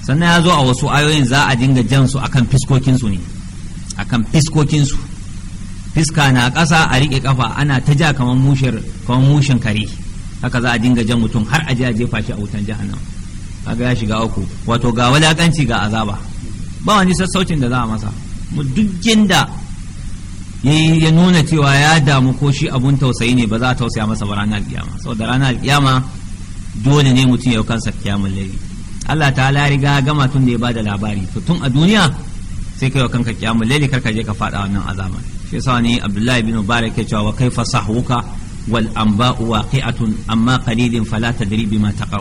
sannan ya zo a wasu ayoyin za a dinga jan su akan fiskokinsu ne akan fiskokinsu fiska na ƙasa a riƙe ƙafa ana ta ja kamar mushin kamar mushin kare haka za a dinga jan mutum har a je a jefa shi a wutan jahannama kaga ya shiga uku wato ga wulakanci ga azaba ba wani sassaucin da za a masa mu duk yanda ya nuna cewa ya damu ko shi abun tausayi ne ba za a tausaya masa ba ranar kiyama saboda ranar kiyama dole ne mutum ya kansa kiyamun Allah ta ya riga gama tun da ya bada labari to tun a duniya sai kai kanka kiyamun kar ka je ka fada wannan azama shi yasa ne Abdullahi bin Mubarak ya cewa wa kaifa sahwuka wal anba'u waqi'atun amma qalilin fala tadri bima taqaw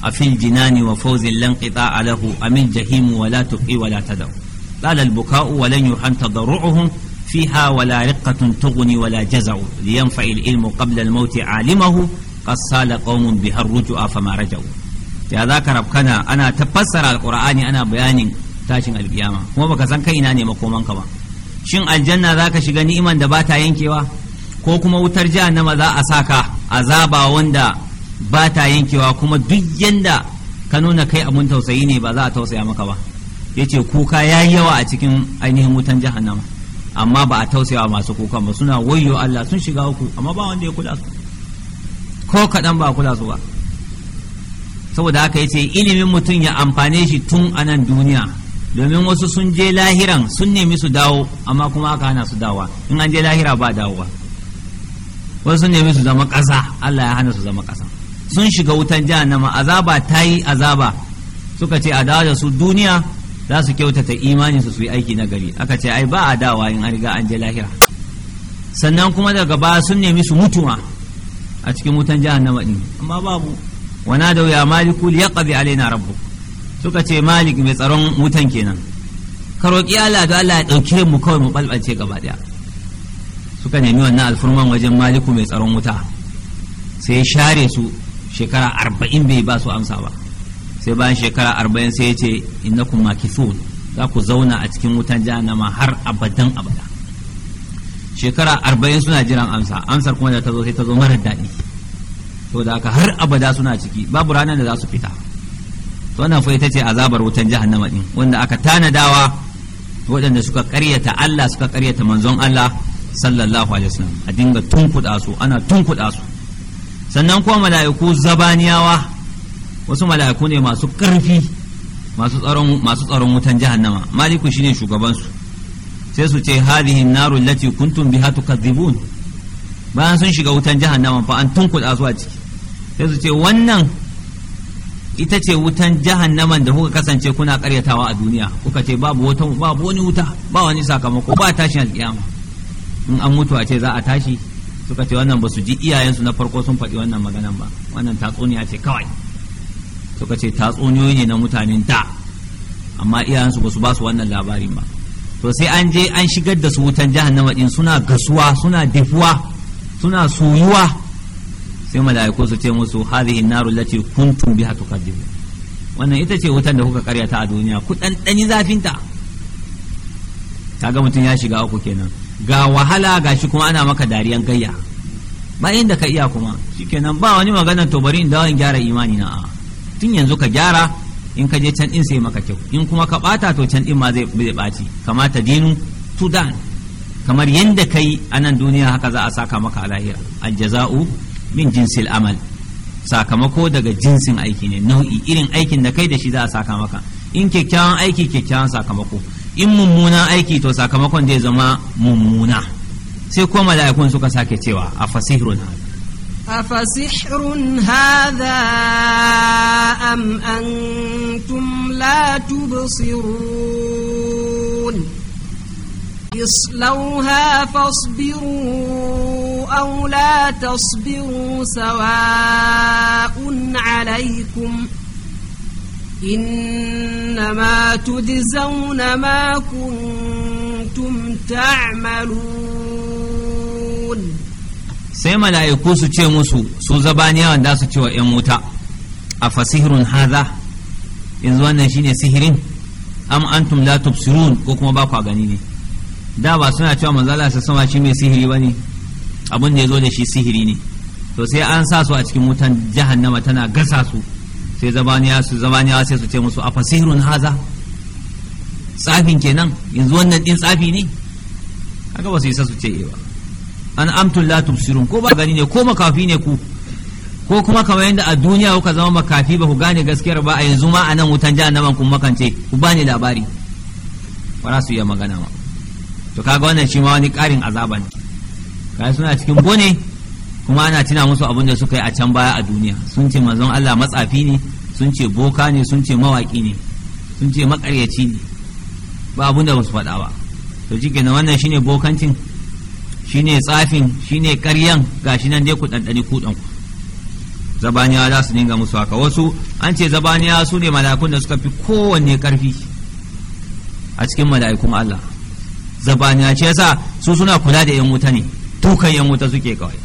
afil jinani wa fawzin lan qita'a amin jahim wa la tuqi wa la tadaw qala al buka'u wa lan yuhan tadarruhum فيها ولا رقة تغني ولا جزع لينفع العلم قبل الموت عالمه قد سال قوم بها الرجع فما رجعوا ya za ka ana ta fassara ana bayanin tashin alkiyama kuma baka san kai ina ne makomanka ba shin aljanna za ka shiga ni'iman da ba ta yankewa ko kuma wutar jahannama za a saka azaba wanda ba ta yankewa kuma duk yadda ka nuna kai abun tausayi ne ba za a tausaya maka ba yace kuka yayi yawa a cikin ainihin wutan jihar jahannama amma ba a tausaya masu kukan ba suna wayyo Allah sun shiga uku amma ba wanda ya kula su ko kaɗan ba kula su ba saboda haka yace ilimin mutum ya amfane shi tun a nan duniya domin wasu sun je lahiran sun nemi su dawo amma kuma aka hana su dawa in an je lahira ba dawowa wasu sun nemi su zama ƙasa Allah ya hana su zama ƙasa sun shiga wutan jahannama azaba ta yi azaba suka ce a dawo da su duniya za su kyautata imanin su yi aiki na gari aka ce ai ba a dawa in an riga an je lahira sannan kuma daga ba sun nemi su mutuwa a cikin wutan jahannama din amma babu wana da ya maliku liyaqdi alaina rabbu suka ce malik mai tsaron wutan kenan ka roki Allah da Allah ya dauke mu kawai mu balbalce gaba daya suka nemi wannan alfurman wajen maliku mai tsaron wuta sai share su shekara arba'in bai ba su amsa ba sai bayan shekara arba'in sai ya ce innakum makithun za ku zauna a cikin wutan jahannama har abadan abada shekara arba'in suna jiran amsa amsar kuma da ta zo sai ta zo mara daɗi to da haka har abada suna ciki babu ranar da za su fita to wannan fa ita ce azabar wutan jahannama din wanda aka tanadawa waɗanda suka karyata Allah suka karyata manzon Allah sallallahu alaihi wasallam a dinga tunkuɗa su ana tunkuɗa su sannan kuma mala'iku zabaniyawa wasu mala'iku ne masu ƙarfi masu tsaron masu tsaron wutan jahannama maliku shine shugaban su sai su ce hadhihi naru lati kuntum biha tukadzibun bayan sun shiga wutan jahannama fa an tunku da zuwa ciki sai su ce wannan ita ce wutan jahannaman da kuka kasance kuna karyatawa a duniya kuka ce babu wata babu wani wuta ba wani sakamako ba tashin alkiyama in an mutu a ce za a tashi suka ce wannan ba su ji iyayensu na farko sun faɗi wannan maganan ba wannan tatsuniya ce kawai suka ce tatsuniyoyi ne na mutanen da amma iyayensu ba su ba su wannan labarin ba to sai an je an shigar da su wutan jahannama din suna gasuwa suna dafuwa suna soyuwa sai mala'iku su ce musu hadhihi naru lati kuntum biha tukadibu wannan ita ce wutan da kuka karyata a duniya ku ɗanɗani zafinta kaga mutum ya shiga uku kenan ga wahala ga shi kuma ana maka dariyan gayya ba inda ka iya kuma shikenan ba wani magana to bari in dawo in gyara imani na a'a tun yanzu ka gyara in ka je can din sai maka kyau in kuma ka bata to can din ma zai baci kamata dinu dan kamar yanda kai a nan duniya haka za a saka maka a lahira aljaza'u min jinsil amal sakamako daga jinsin aiki ne nau'i irin aikin da kai da shi za a saka maka in kyakkyawan aiki kyakkyawan sakamako in mummunan aiki to sakamakon zai zama mummuna sai kuma mala'ikun suka sake cewa a fasihirun
أفسحر هذا أم أنتم لا تبصرون اصلوها فاصبروا أو لا تصبروا سواء عليكم إنما تجزون ما كنتم تعملون
sai mala'iku su ce musu su zabaniyawan da su ce wa 'yan wuta a fasihirun haza yanzu wannan shine sihirin am antum la tubsirun ko kuma ba kwa gani ne da ba suna cewa manzala sa sama shi mai sihiri bane abin da ya zo da shi sihiri ne to sai an sa su a cikin mutan jahannama tana gasa su sai zabaniya su zabaniya sai su ce musu a fasihirun haza tsafin kenan yanzu wannan din tsafi ne kaga ba su isa su ce eh ba an amtun la tubsirun ko ba gani ne ko makafi ne ku ko kuma kamar yadda a duniya kuka zama makafi ba ku gane gaskiyar ba a yanzu ma a nan wutan jahannaman kun makance ku bani labari ba za su iya magana ma to kaga wannan shi ma wani karin azaba ne kai suna cikin bone kuma ana tuna musu abin da suka yi a can baya a duniya sun ce manzon Allah matsafi ne sun ce boka ne sun ce mawaki ne sun ce makaryaci ne ba abin da ba su faɗa ba to shi wannan shine bokancin shine tsafin shine karyan gashi nan dai ku ɗanɗani ku ku zabaniya za su dinga musu haka wasu an ce zabaniya su ne malakun da suka fi kowanne karfi a cikin mala'ikun Allah zabaniya ce yasa su suna kula da yan wuta ne tukan yan wuta suke kawai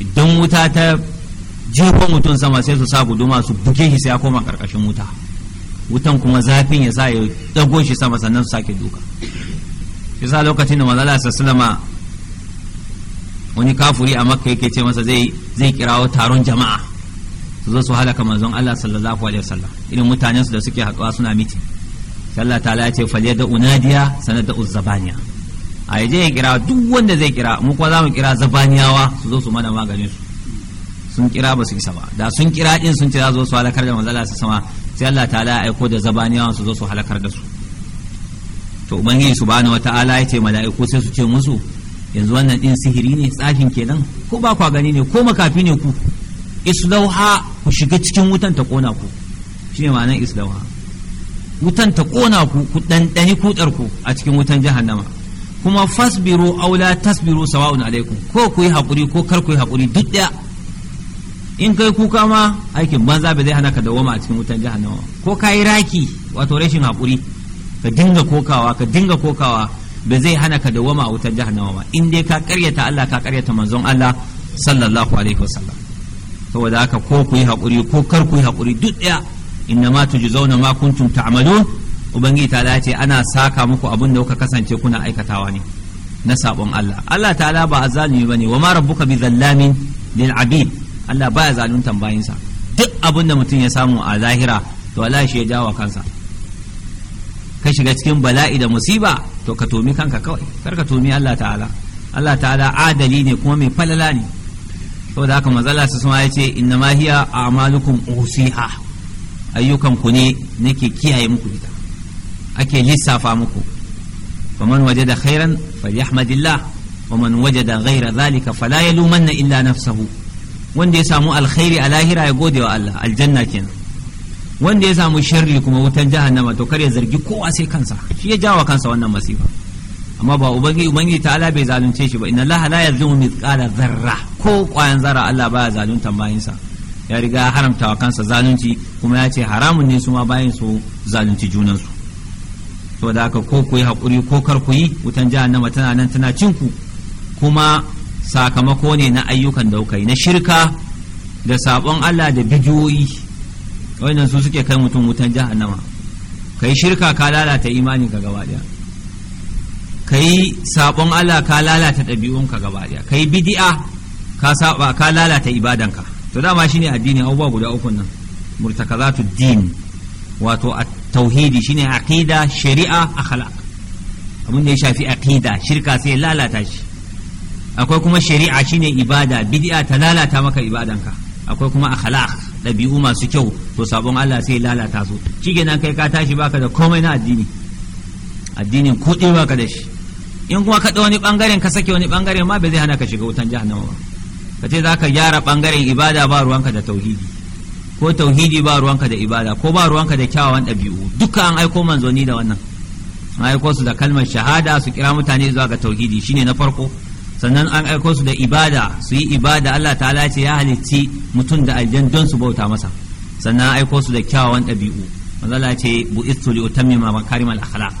idan wuta ta jefa mutum sama sai su sa guduma su buge shi sai ya koma karkashin wuta wutan kuma zafin ya sa ya dago shi sama sannan su sake duka sa lokacin da manzala sallama wani kafuri a makka yake ce masa zai zai kirawo taron jama'a su zo su halaka manzon Allah sallallahu alaihi wasallam irin mutanen su da suke haɗuwa suna miti Allah ta'ala ya ce fale da unadiya sanada uzzabaniya a yaje ya kira duk wanda zai kira mu kuma za mu kira zabaniyawa su zo su mana maganin su sun kira ba su isa ba da sun kira din sun ce za zo su halakar da manzon Allah sama sai Allah ta'ala ya aiko da zabaniyawa su zo su halakar da su to ubangiji subhanahu wata'ala ya ce mala'iku sai su ce musu yanzu wannan din sihiri ne tsafin kenan ko ba kwa gani ne ko makafi ne ku islauha ku shiga cikin wutan ta kona ku shine ma'anar islauha wutan ta kona ku ku dandani kutar ku a cikin wutan jahannama kuma fasbiru aula tas tasbiru sawa'un alaikum ko ku yi hakuri ko kar ku yi hakuri duk ɗaya. in kai kuka ma aikin banza ba zai hana ka dawoma a cikin wutan jahannama ko ka yi raki wato rashin hakuri ka dinga kokawa ka dinga kokawa ba zai hana ka dawama a wutar jahannama ba in dai ka karyata Allah ka karyata manzon Allah sallallahu alaihi wasallam saboda haka ko ku yi hakuri ko kar ku yi hakuri duk ɗaya inna ma tujzauna ma kuntum ta'malun ubangiji ta ce ana saka muku abin da kuka kasance kuna aikatawa ne na sabon Allah Allah ta'ala ba azalimi bane wa ma rabbuka bi zallamin lil abid Allah baya zaluntan bayinsa duk abin da mutum ya samu a zahira to Allah shi ya jawa kansa ka shiga cikin bala'i da musiba to ka tomi kanka kawai kar ka tomi Allah ta'ala Allah ta'ala adali ne kuma mai falala ne saboda haka mazala su suma ya ce inna ma hiya a'malukum usiha ayyukan ku ne nake kiyaye muku ita ake lissafa muku man wajada khairan falyahmadillah man wajada ghaira zalika fala yalumanna illa nafsahu wanda ya samu alkhairi a lahira ya gode wa Allah aljanna kenan wanda ya samu sharri kuma wutan jahannama to kar ya zargi kowa sai kansa shi ya jawa kansa wannan masifa amma ba ubangiji ubangiji ta'ala bai zalunce shi ba inna Allah la yazlimu mithqala zarra ko kwayan zara Allah baya bayin sa ya riga haramta kansa zalunci kuma ya ce haramun ne su ma bayin su zalunci junansu to da haka ko kuyi hakuri ko kar kuyi yi wutan jahannama tana nan tana cin ku kuma sakamako ne na ayyukan da kuka yi na shirka da sabon Allah da bijiyoyi. wannan su suke kai mutum wutan jahannama kai shirka ka lalata imanin ka gaba daya kai sabon Allah ka lalata ɗabi'un ka gaba daya kai bid'a ka saba ka lalata ibadanka to dama shine addini abubuwa guda uku nan murtakazatu din wato tauhidi shine aqida shari'a akhlaq abin da ya shafi aqida shirka sai lalata shi akwai kuma shari'a shine ibada bid'a ta lalata maka ibadanka akwai kuma akhlaq ɗabi'u masu kyau to sabon Allah sai lalata su shikenan kai ka tashi baka da komai na addini addinin ko ɗaya baka da shi in kuma ka wani bangaren ka sake wani bangaren ma bai zai hana ka shiga wutan jahannama ba ka ce za ka gyara bangaren ibada ba ruwanka da tauhidi ko tauhidi ba ruwanka da ibada ko ba ruwanka da kyawawan ɗabi'u duka an aiko manzoni da wannan an aiko su da kalmar shahada su kira mutane zuwa ga tauhidi shine na farko sannan an aiko su da ibada su yi ibada Allah ta'ala ce ya halicci mutum da aljan don su bauta masa sannan aiko su da kyawawan ɗabi'u manzala ce bu'istu li utammima makarim al akhlaq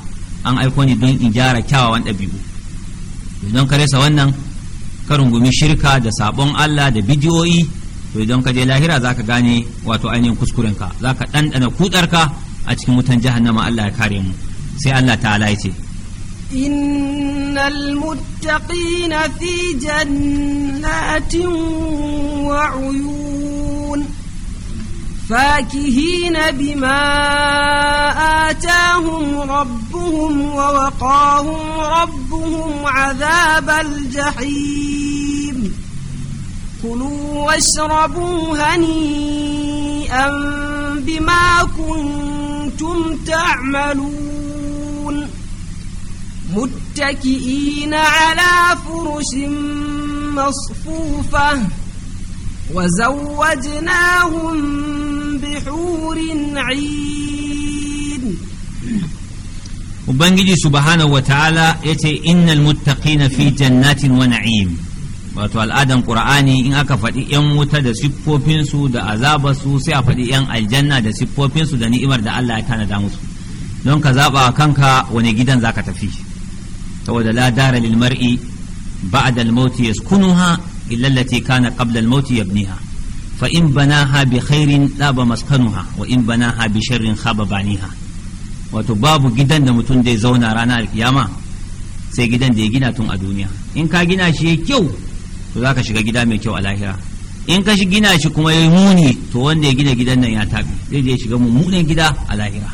an aiko ni don in gyara kyawawan ɗabi'u idan ka rasa wannan ka rungumi shirka da sabon Allah da bidiyoyi to idan ka je lahira zaka gane wato ainihin kuskuren ka zaka ɗanɗana kudarka a cikin wutan jahannama Allah ya kare mu sai Allah ta'ala ya ce
إن المتقين في جنات وعيون فاكهين بما آتاهم ربهم ووقاهم ربهم عذاب الجحيم كلوا واشربوا هنيئا بما كنتم تعملون متكئين على فرش مصفوفة وزوجناهم بحور عين
وبنجي سبحانه وتعالى يتي إن المتقين في جنات ونعيم wato al'adan qur'ani in aka faɗi 'yan wuta da siffofinsu da azabarsu sai a faɗi 'yan aljanna da siffofinsu da ni'imar da Allah ya tanada musu don ka zaɓa kanka wani gidan za ka tafi saboda la dara lil mar'i ba'da al maut yaskunuha illa allati kana qabla al yabniha fa in banaha bi khairin daba maskanuha wa in banaha bi sharrin khaba baniha wato babu gidan da mutum zai zauna ranar kiyama sai gidan da ya gina tun a duniya in ka gina shi ya kyau to za ka shiga gida mai kyau a lahira in ka gina shi kuma ya muni to wanda ya gina gidan nan ya tabi zai je shiga mummunan gida a lahira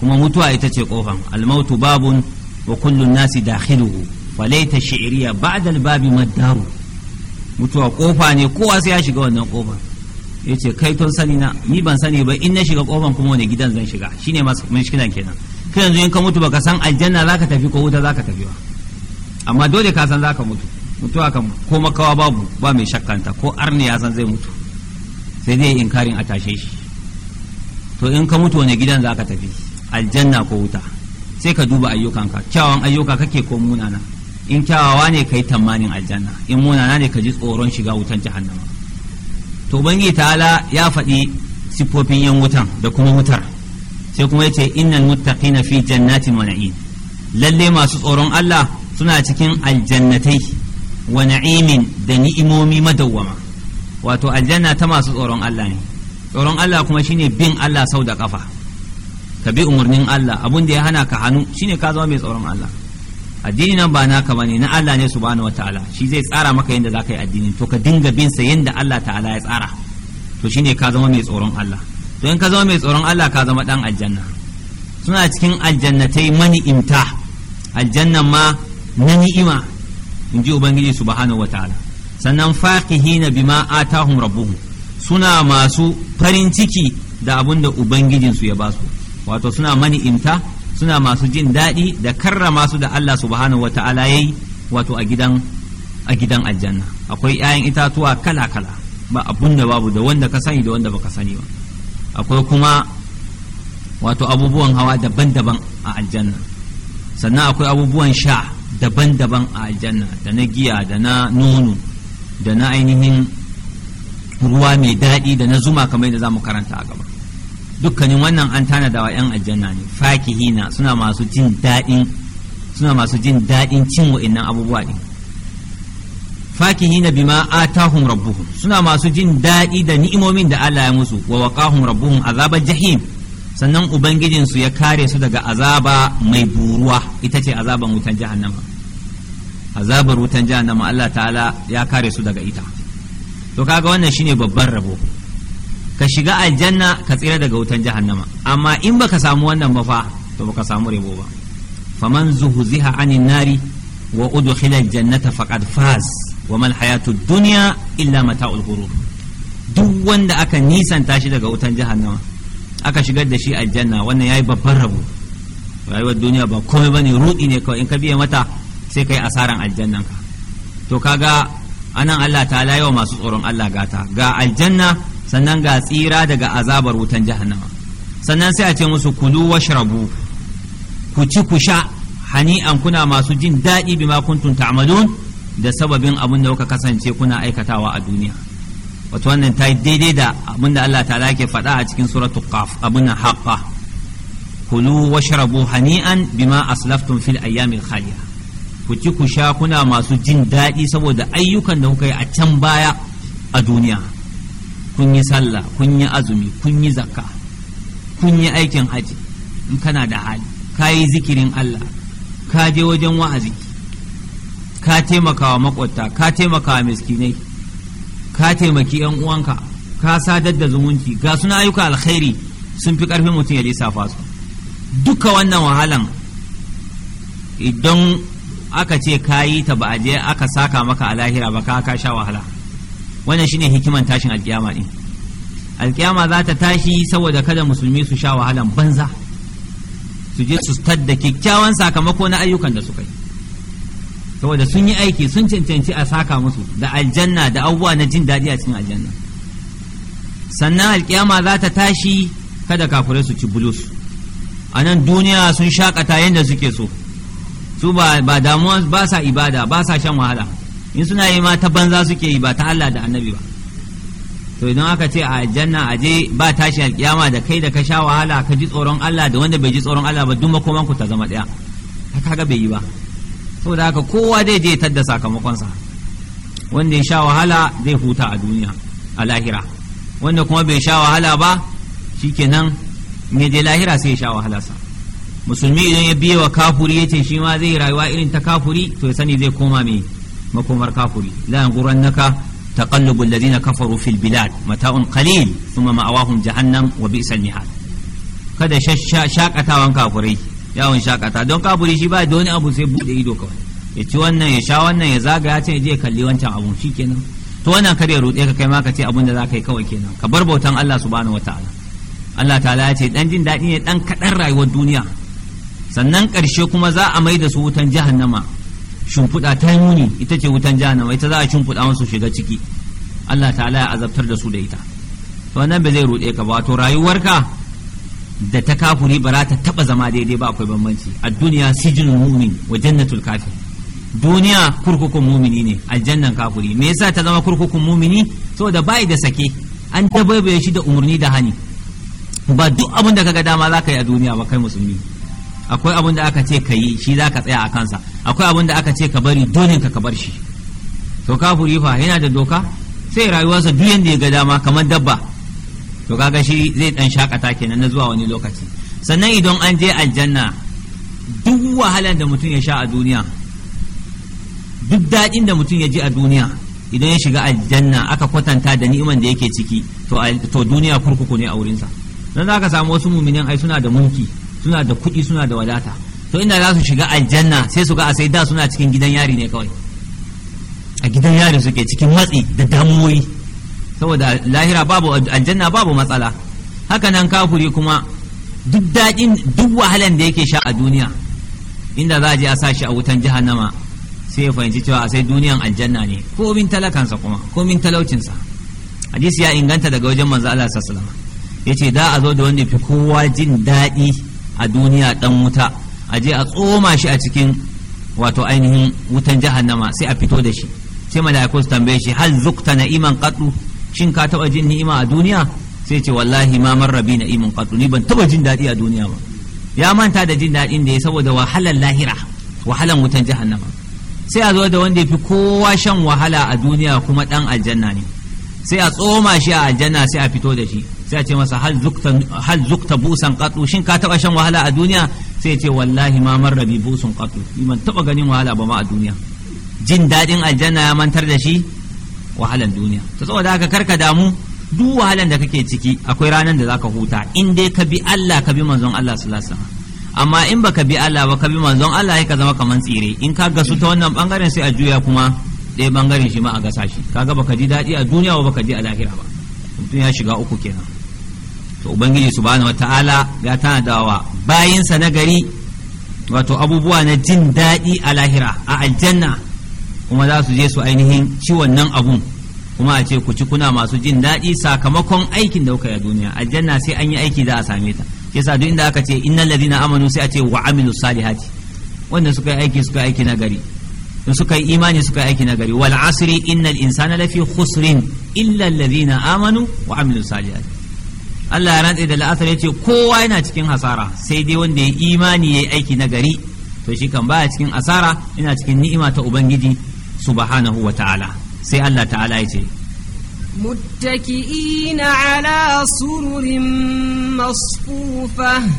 kuma mutuwa ita ce kofan almautu babun wa الناس nasi dakhiluhu falaita shi'riya الباب albabi maddaru mutuwa kofa ne kowa sai ya shiga wannan kofa yace kai ton sani na ni ban sani ba in na shiga kofan kuma wani gidan zan shiga shine masu mushkilan kenan kai yanzu in ka mutu baka san aljanna zaka tafi ko wuta zaka tafi ba amma dole ka san zaka mutu mutuwa kan ko makawa babu ba mai shakkanta ko arni ya san zai mutu sai dai inkarin a tashe shi to in ka mutu wani gidan zaka tafi aljanna ko wuta sai ka duba ayyukanka kyawawan ayyuka kake ko munana in kyawawa ne ka yi tamanin aljanna in munana ne ka ji tsoron shiga wutan jahannama to bangi ta'ala ya faɗi siffofin yan wutan da kuma wutar sai kuma yace innal muttaqina fi jannatin wa na'im lalle masu tsoron Allah suna cikin aljannatai wa na'imin da ni'imomi madawwama wato aljanna ta masu tsoron Allah ne tsoron Allah kuma shine bin Allah sau da kafa ka bi umarnin Allah abun da ya hana ka hannu shine ka zama mai tsoron Allah addini nan ba naka bane na Allah ne subhanahu wataala shi zai tsara maka yadda zaka yi addini to ka dinga bin sa yadda Allah ta'ala ya tsara to shine ka zama mai tsoron Allah to in ka zama mai tsoron Allah ka zama dan aljanna suna cikin aljannatai mani imta aljannan ma na ni'ima in ji ubangiji subhanahu wataala sannan faqihina bima atahum rabbuhum suna masu farin ciki da abin da ubangijinsu ya basu wato suna mani imta suna masu jin daɗi da karrama su da Allah subhanahu wa ta'ala yayi wato a gidan a gidan aljanna akwai 'ya'yan itatuwa kala kala ba abun da babu da wanda ka sani da wanda baka sani ba akwai kuma wato abubuwan hawa daban-daban a aljanna sannan akwai abubuwan sha daban-daban a aljanna da na giya da na nono da na ainihin ruwa mai daɗi da na zuma kamar yadda za mu karanta a gaba dukkanin wannan an wa 'yan aljanna ne fakihina suna masu jin daɗin suna masu jin daɗin cin wa'innan abubuwa ɗin fakihina bima atahum rabbuhum suna masu jin daɗi da ni'imomin da Allah ya musu wa waqahum rabbuhum azaban jahim sannan ubangijinsu ya kare su daga azaba mai buruwa ita ce azaban wutan jahannama azabar wutan jahannama Allah ta'ala ya kare su daga ita to kaga wannan shine babban rabo ka shiga aljanna ka tsira daga wutan jahannama amma in baka samu wannan ba fa to baka samu rebo ba faman zuhziha anin nari wa udkhila aljannata faqad faz wa mal hayatu dunya illa mata'ul ghurur duk wanda aka nisanta shi daga wutan jahannama aka shigar da shi aljanna wannan yayi babban rabo rayuwar duniya ba komai bane rudi ne kawai in ka biya mata sai kai asaran aljannan ka to kaga anan Allah ta yawa masu tsoron Allah gata ga aljanna sannan ga tsira daga azabar wutan jahannama sannan sai a ce musu kulu washrabu ku ci ku sha hani'an kuna masu jin daɗi bima kuntum ta'malun da sababin abin da kuka kasance kuna aikatawa a duniya wato wannan ta yi daidai da abin da Allah ta'ala ke faɗa a cikin suratu qaf abin haqqa kulu washrabu hani'an bima aslaftum fil ayyamil khaliya ku ci ku sha kuna masu jin daɗi saboda ayyukan da kuka yi a can baya a duniya kun yi sallah kun yi azumi kun yi zakka kun yi aikin haji in kana da hali ka yi zikirin Allah ka je wajen wa'azi ka taimaka wa makwabta ka taimaka wa miskinai ka taimaki yan uwanka ka sadar da zumunci ga suna ayyuka alkhairi sun fi karfin mutum ya lissafa su duka wannan wahalan idan aka ce ka yi ta ba a je aka saka maka a lahira ba ka sha wahala wannan shine hikiman tashin alkiyama din alkiyama za ta tashi saboda kada musulmi su sha wahalan banza su je su tadda kyakkyawan sakamako na ayyukan da suka yi saboda sun yi aiki sun cancanci a saka musu da aljanna da abubuwa na jin daɗi a cikin aljanna sannan alkiyama za ta tashi kada kafurai su ci bulus a nan duniya sun shakata yadda suke so su ba damuwa ba sa ibada ba sa shan wahala in suna yi ma ta banza suke yi ba ta Allah da annabi ba to idan aka ce a janna a je ba tashi alkiyama da kai da ka sha wahala ka ji tsoron Allah da wanda bai ji tsoron Allah ba duk makoman ku ta zama daya kaga bai yi ba saboda haka kowa zai je tadda sakamakonsa wanda ya sha wahala zai huta a duniya a lahira wanda kuma bai sha wahala ba shikenan me je lahira sai ya sha wahala sa musulmi idan ya biye wa kafuri yace shi ma zai rayuwa irin ta kafuri to ya sani zai koma mai makomar kafuri la yanqurannaka taqallubul ladina kafaru fil bilad mata'un qalil thumma ma'awahum jahannam wa bi'sal mihad kada shakatawan kafurai yawon shakata don kafuri shi ba da wani abu sai bude ido kawai ya ci wannan ya sha wannan ya zagaya can ya je kalli wancan abun kenan. to wannan kar ya ruɗe ka kai ma ka ce abin da za ka yi kawai kenan ka bar bautan Allah subhanahu wataala Allah ta'ala ya ce dan jin daɗi ne dan kaɗan rayuwar duniya sannan ƙarshe kuma za a mai da su wutan jahannama shimfiɗa ta yi muni ita ce wutan jahannama ita za a shimfiɗa musu shiga ciki Allah ta'ala ya azabtar da su da ita to wannan ba zai ruɗe ka ba to rayuwarka da ta kafuri ba ta taɓa zama daidai ba akwai bambanci a duniya sijinul mu'min wa jannatul kafir duniya kurkukun mumini ne aljannan kafuri me yasa ta zama kurkukun mumini saboda bai da sake an dabaibaye shi da umarni da hani ba duk abin da kaga dama za ka yi a duniya ba kai musulmi akwai abin da aka ce ka yi shi za ka tsaya a kansa akwai abin da aka ce ka bari dole ka bar shi to kafuri fa yana da doka sai rayuwarsa duk yanda ya ga dama kamar dabba to kaga shi zai dan shakata kenan na zuwa wani lokaci sannan idan an je aljanna duk wahalar da mutum ya sha a duniya duk daɗin da mutum ya ji a duniya idan ya shiga aljanna aka kwatanta da ni'iman da yake ciki to duniya kurkuku ne a wurinsa don za ka samu wasu muminin ai suna da mulki suna da kuɗi suna da wadata to inda za su shiga aljanna sai su ga a sai da suna cikin gidan yari ne kawai a gidan yari suke cikin matsi da damuwoyi saboda lahira babu aljanna babu matsala haka nan kafuri kuma duk daɗin duk wahalan da yake sha a duniya inda za a je a sa shi a wutan jahannama sai ya fahimci cewa a sai duniyan aljanna ne ko min talakansa kuma ko min talaucinsa hadisi ya inganta daga wajen manzo Allah sallallahu alaihi wasallam yace da a zo da wanda fi kowa jin daɗi a duniya dan wuta a je a tsoma shi a cikin wato ainihin wutan jahannama sai a fito da shi sai mala'iku su tambaye shi hal zukta na'iman qatlu shin ka taba jin ni'ima a duniya sai ce wallahi ma rabi na'iman qatlu ni ban taba jin dadi a duniya ba ya manta da jin dadin da ya saboda wahalar lahira wahalan wutan jahannama sai a zo da wanda ya fi kowa shan wahala a duniya kuma dan aljanna ne sai a tsoma shi a aljanna sai a fito da shi sai ce masa hal zukta busan katu shin ka taba shan wahala a duniya sai ce wallahi ma marra bi busun katu ban taba ganin wahala ba ma a duniya jin dadin aljanna ya mantar da shi wahalan duniya to saboda haka karka damu duk wahalan da kake ciki akwai ranar da zaka huta in dai ka bi Allah ka bi manzon Allah sallallahu alaihi wasallam amma in baka bi Allah ba ka bi manzon Allah sai ka zama kaman tsire in ka gasu ta wannan bangaren sai a juya kuma ɗaya bangaren shi ma a gasa shi kaga baka ji daɗi a duniya ba baka ji a lahira ba mutum ya shiga uku kenan to ubangiji subhanahu wata'ala ya tana dawa bayinsa na gari wato abubuwa na jin daɗi a lahira a aljanna kuma za su je su ainihin ci wannan abun kuma a ce ku ci kuna masu jin daɗi sakamakon aikin da kuka yi a duniya aljanna sai an yi aiki za a same ta yasa duk inda aka ce innal ladina amanu sai a ce wa amilu salihati wanda suka yi aiki suka yi aiki na gari da suka yi imani suka yi aiki nagari wal asri innal insana lafi khusrin illa alladhina amanu wa amilu salihati Allah ya rantsa da la'asar yace kowa yana cikin hasara sai dai wanda ya imani yayi aiki nagari to shi kan baya cikin asara yana cikin ni'ima ta ubangiji subhanahu wa ta'ala sai Allah ta'ala yace
متكئين ala سرر مصفوفه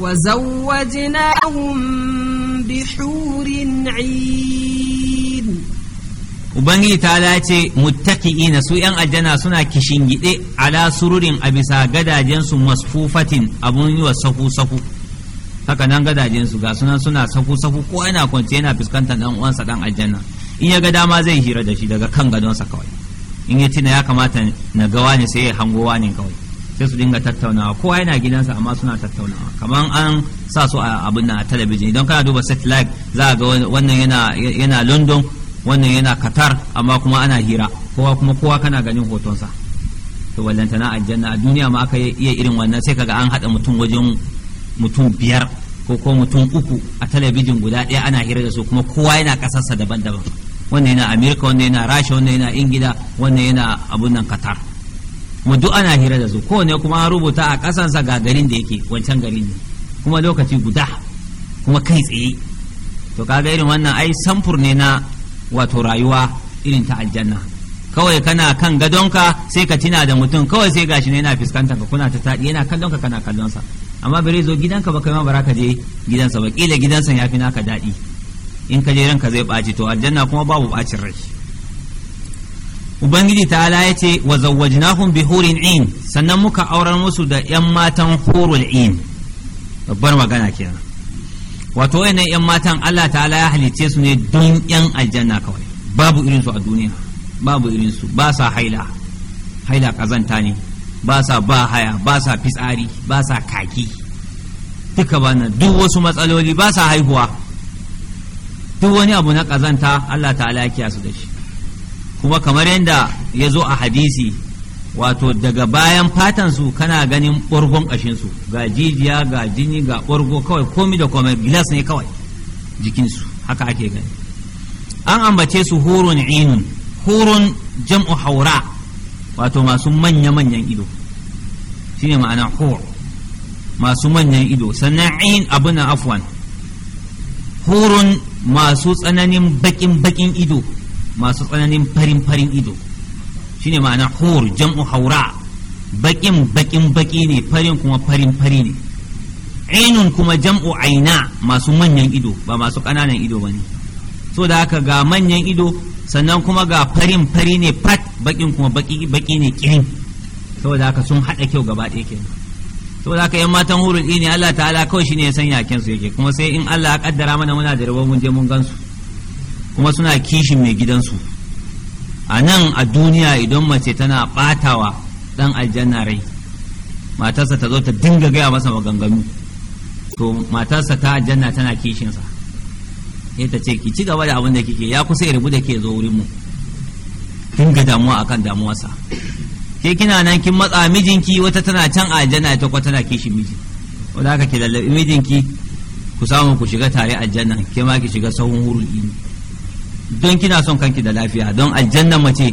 وزوجناهم بحور عين
Ubangiji ta lace muttaki'ina su ‘yan aljanna suna kishingide ala sururin a bisa gadajensu masfufatin abun yi wa saku-saku, haka nan gadajensu ga suna suna saku-saku ko yana kwanci yana fuskantar ɗan uwansa ɗan aljanna in ya ga dama zai hira da shi daga kan gadonsa kawai in ya tina ya kamata na gawa ne sai ya hango wani kawai sai su dinga tattaunawa kowa yana gidansa amma suna tattaunawa kamar an sa su a abin na talabijin idan kana duba satellite za a ga wannan yana london wannan yana qatar amma kuma ana hira kowa kuma kowa kana ganin hotonsa to wallantana aljanna a duniya ma aka iya irin wannan sai kaga an haɗa mutum wajen mutum biyar ko ko mutum uku a talabijin guda ɗaya ana hira da su kuma kowa yana ƙasarsa daban-daban wannan yana amerika wannan yana rasha wannan yana ingila wannan yana abun nan qatar kuma duk ana hira da su kowane kuma an rubuta a sa ga garin da yake wancan garin ne kuma lokaci guda kuma kai tsaye to kaga irin wannan ai samfur ne na wato rayuwa irin ta aljanna kawai kana kan gadonka sai ka tina da mutum kawai sai gashi ne yana fuskantar ka kuna ta taɗi yana kallon ka kana kallon sa amma bare zo gidanka ba kai ma bara ka je gidansa ba kila gidansa ya fi naka daɗi in ka je ranka zai baci to aljanna kuma babu bacin rai ubangiji ta Ala ya ce wa zawwajnahum bi hurin in sannan muka auren musu da yan matan hurul in babbar magana kenan wato wayannan yan matan Allah Ala ya halice su ne don yan aljanna kawai babu irinsu a duniya babu irinsu ba sa haila haila kazanta ne ba sa ba haya ba sa fitsari ba sa kaki duka ba na duk wasu matsaloli ba sa haihuwa duk wani abu na kazanta Allah Ala ya kiyasu da shi kuma kamar yadda ya zo a hadisi wato daga bayan fatansu kana ganin ɓargon ƙashinsu ga jijiya ga jini ga kawai komi da komai gilas ne kawai jikinsu haka ake gani an ambace su hurun inu hurun jam'u haura wato masu manya-manyan ido shine ma'ana hur masu manyan ido sannan in abuna afwan hurun masu tsananin bakin-bakin ido masu tsananin farin farin ido shine ma'ana hor jam'u haura bakin bakin baki ne farin kuma farin fari ne ainun kuma jam'u aina masu manyan ido ba masu ƙananan ido ba ne so da haka ga manyan ido sannan kuma ga farin fari ne fat bakin kuma baki ne kirin saboda haka sun haɗa kyau gaba ɗaya kenan saboda haka yan matan hurul ne Allah ta'ala kawai ne ya san yakin su yake kuma sai in Allah ya kaddara mana muna da rabon mun je mun gansu kuma suna kishin mai gidansu a nan a duniya idan mace tana ɓatawa ɗan aljanna rai matarsa ta zo ta dinga gaya masa maganganu to matarsa ta aljanna tana kishinsa sai ta ce ki ci gaba da abin da kike ya kusa irbu da ke zo wurin mu dinga damuwa akan damuwarsa ke kina nan kin matsa mijinki wata tana can aljanna ita kuwa tana kishin miji wanda haka ki lallabi mijinki ku samu ku shiga tare aljanna ke ma ki shiga sahun hurul ini don kina son kanki da lafiya don aljanna mace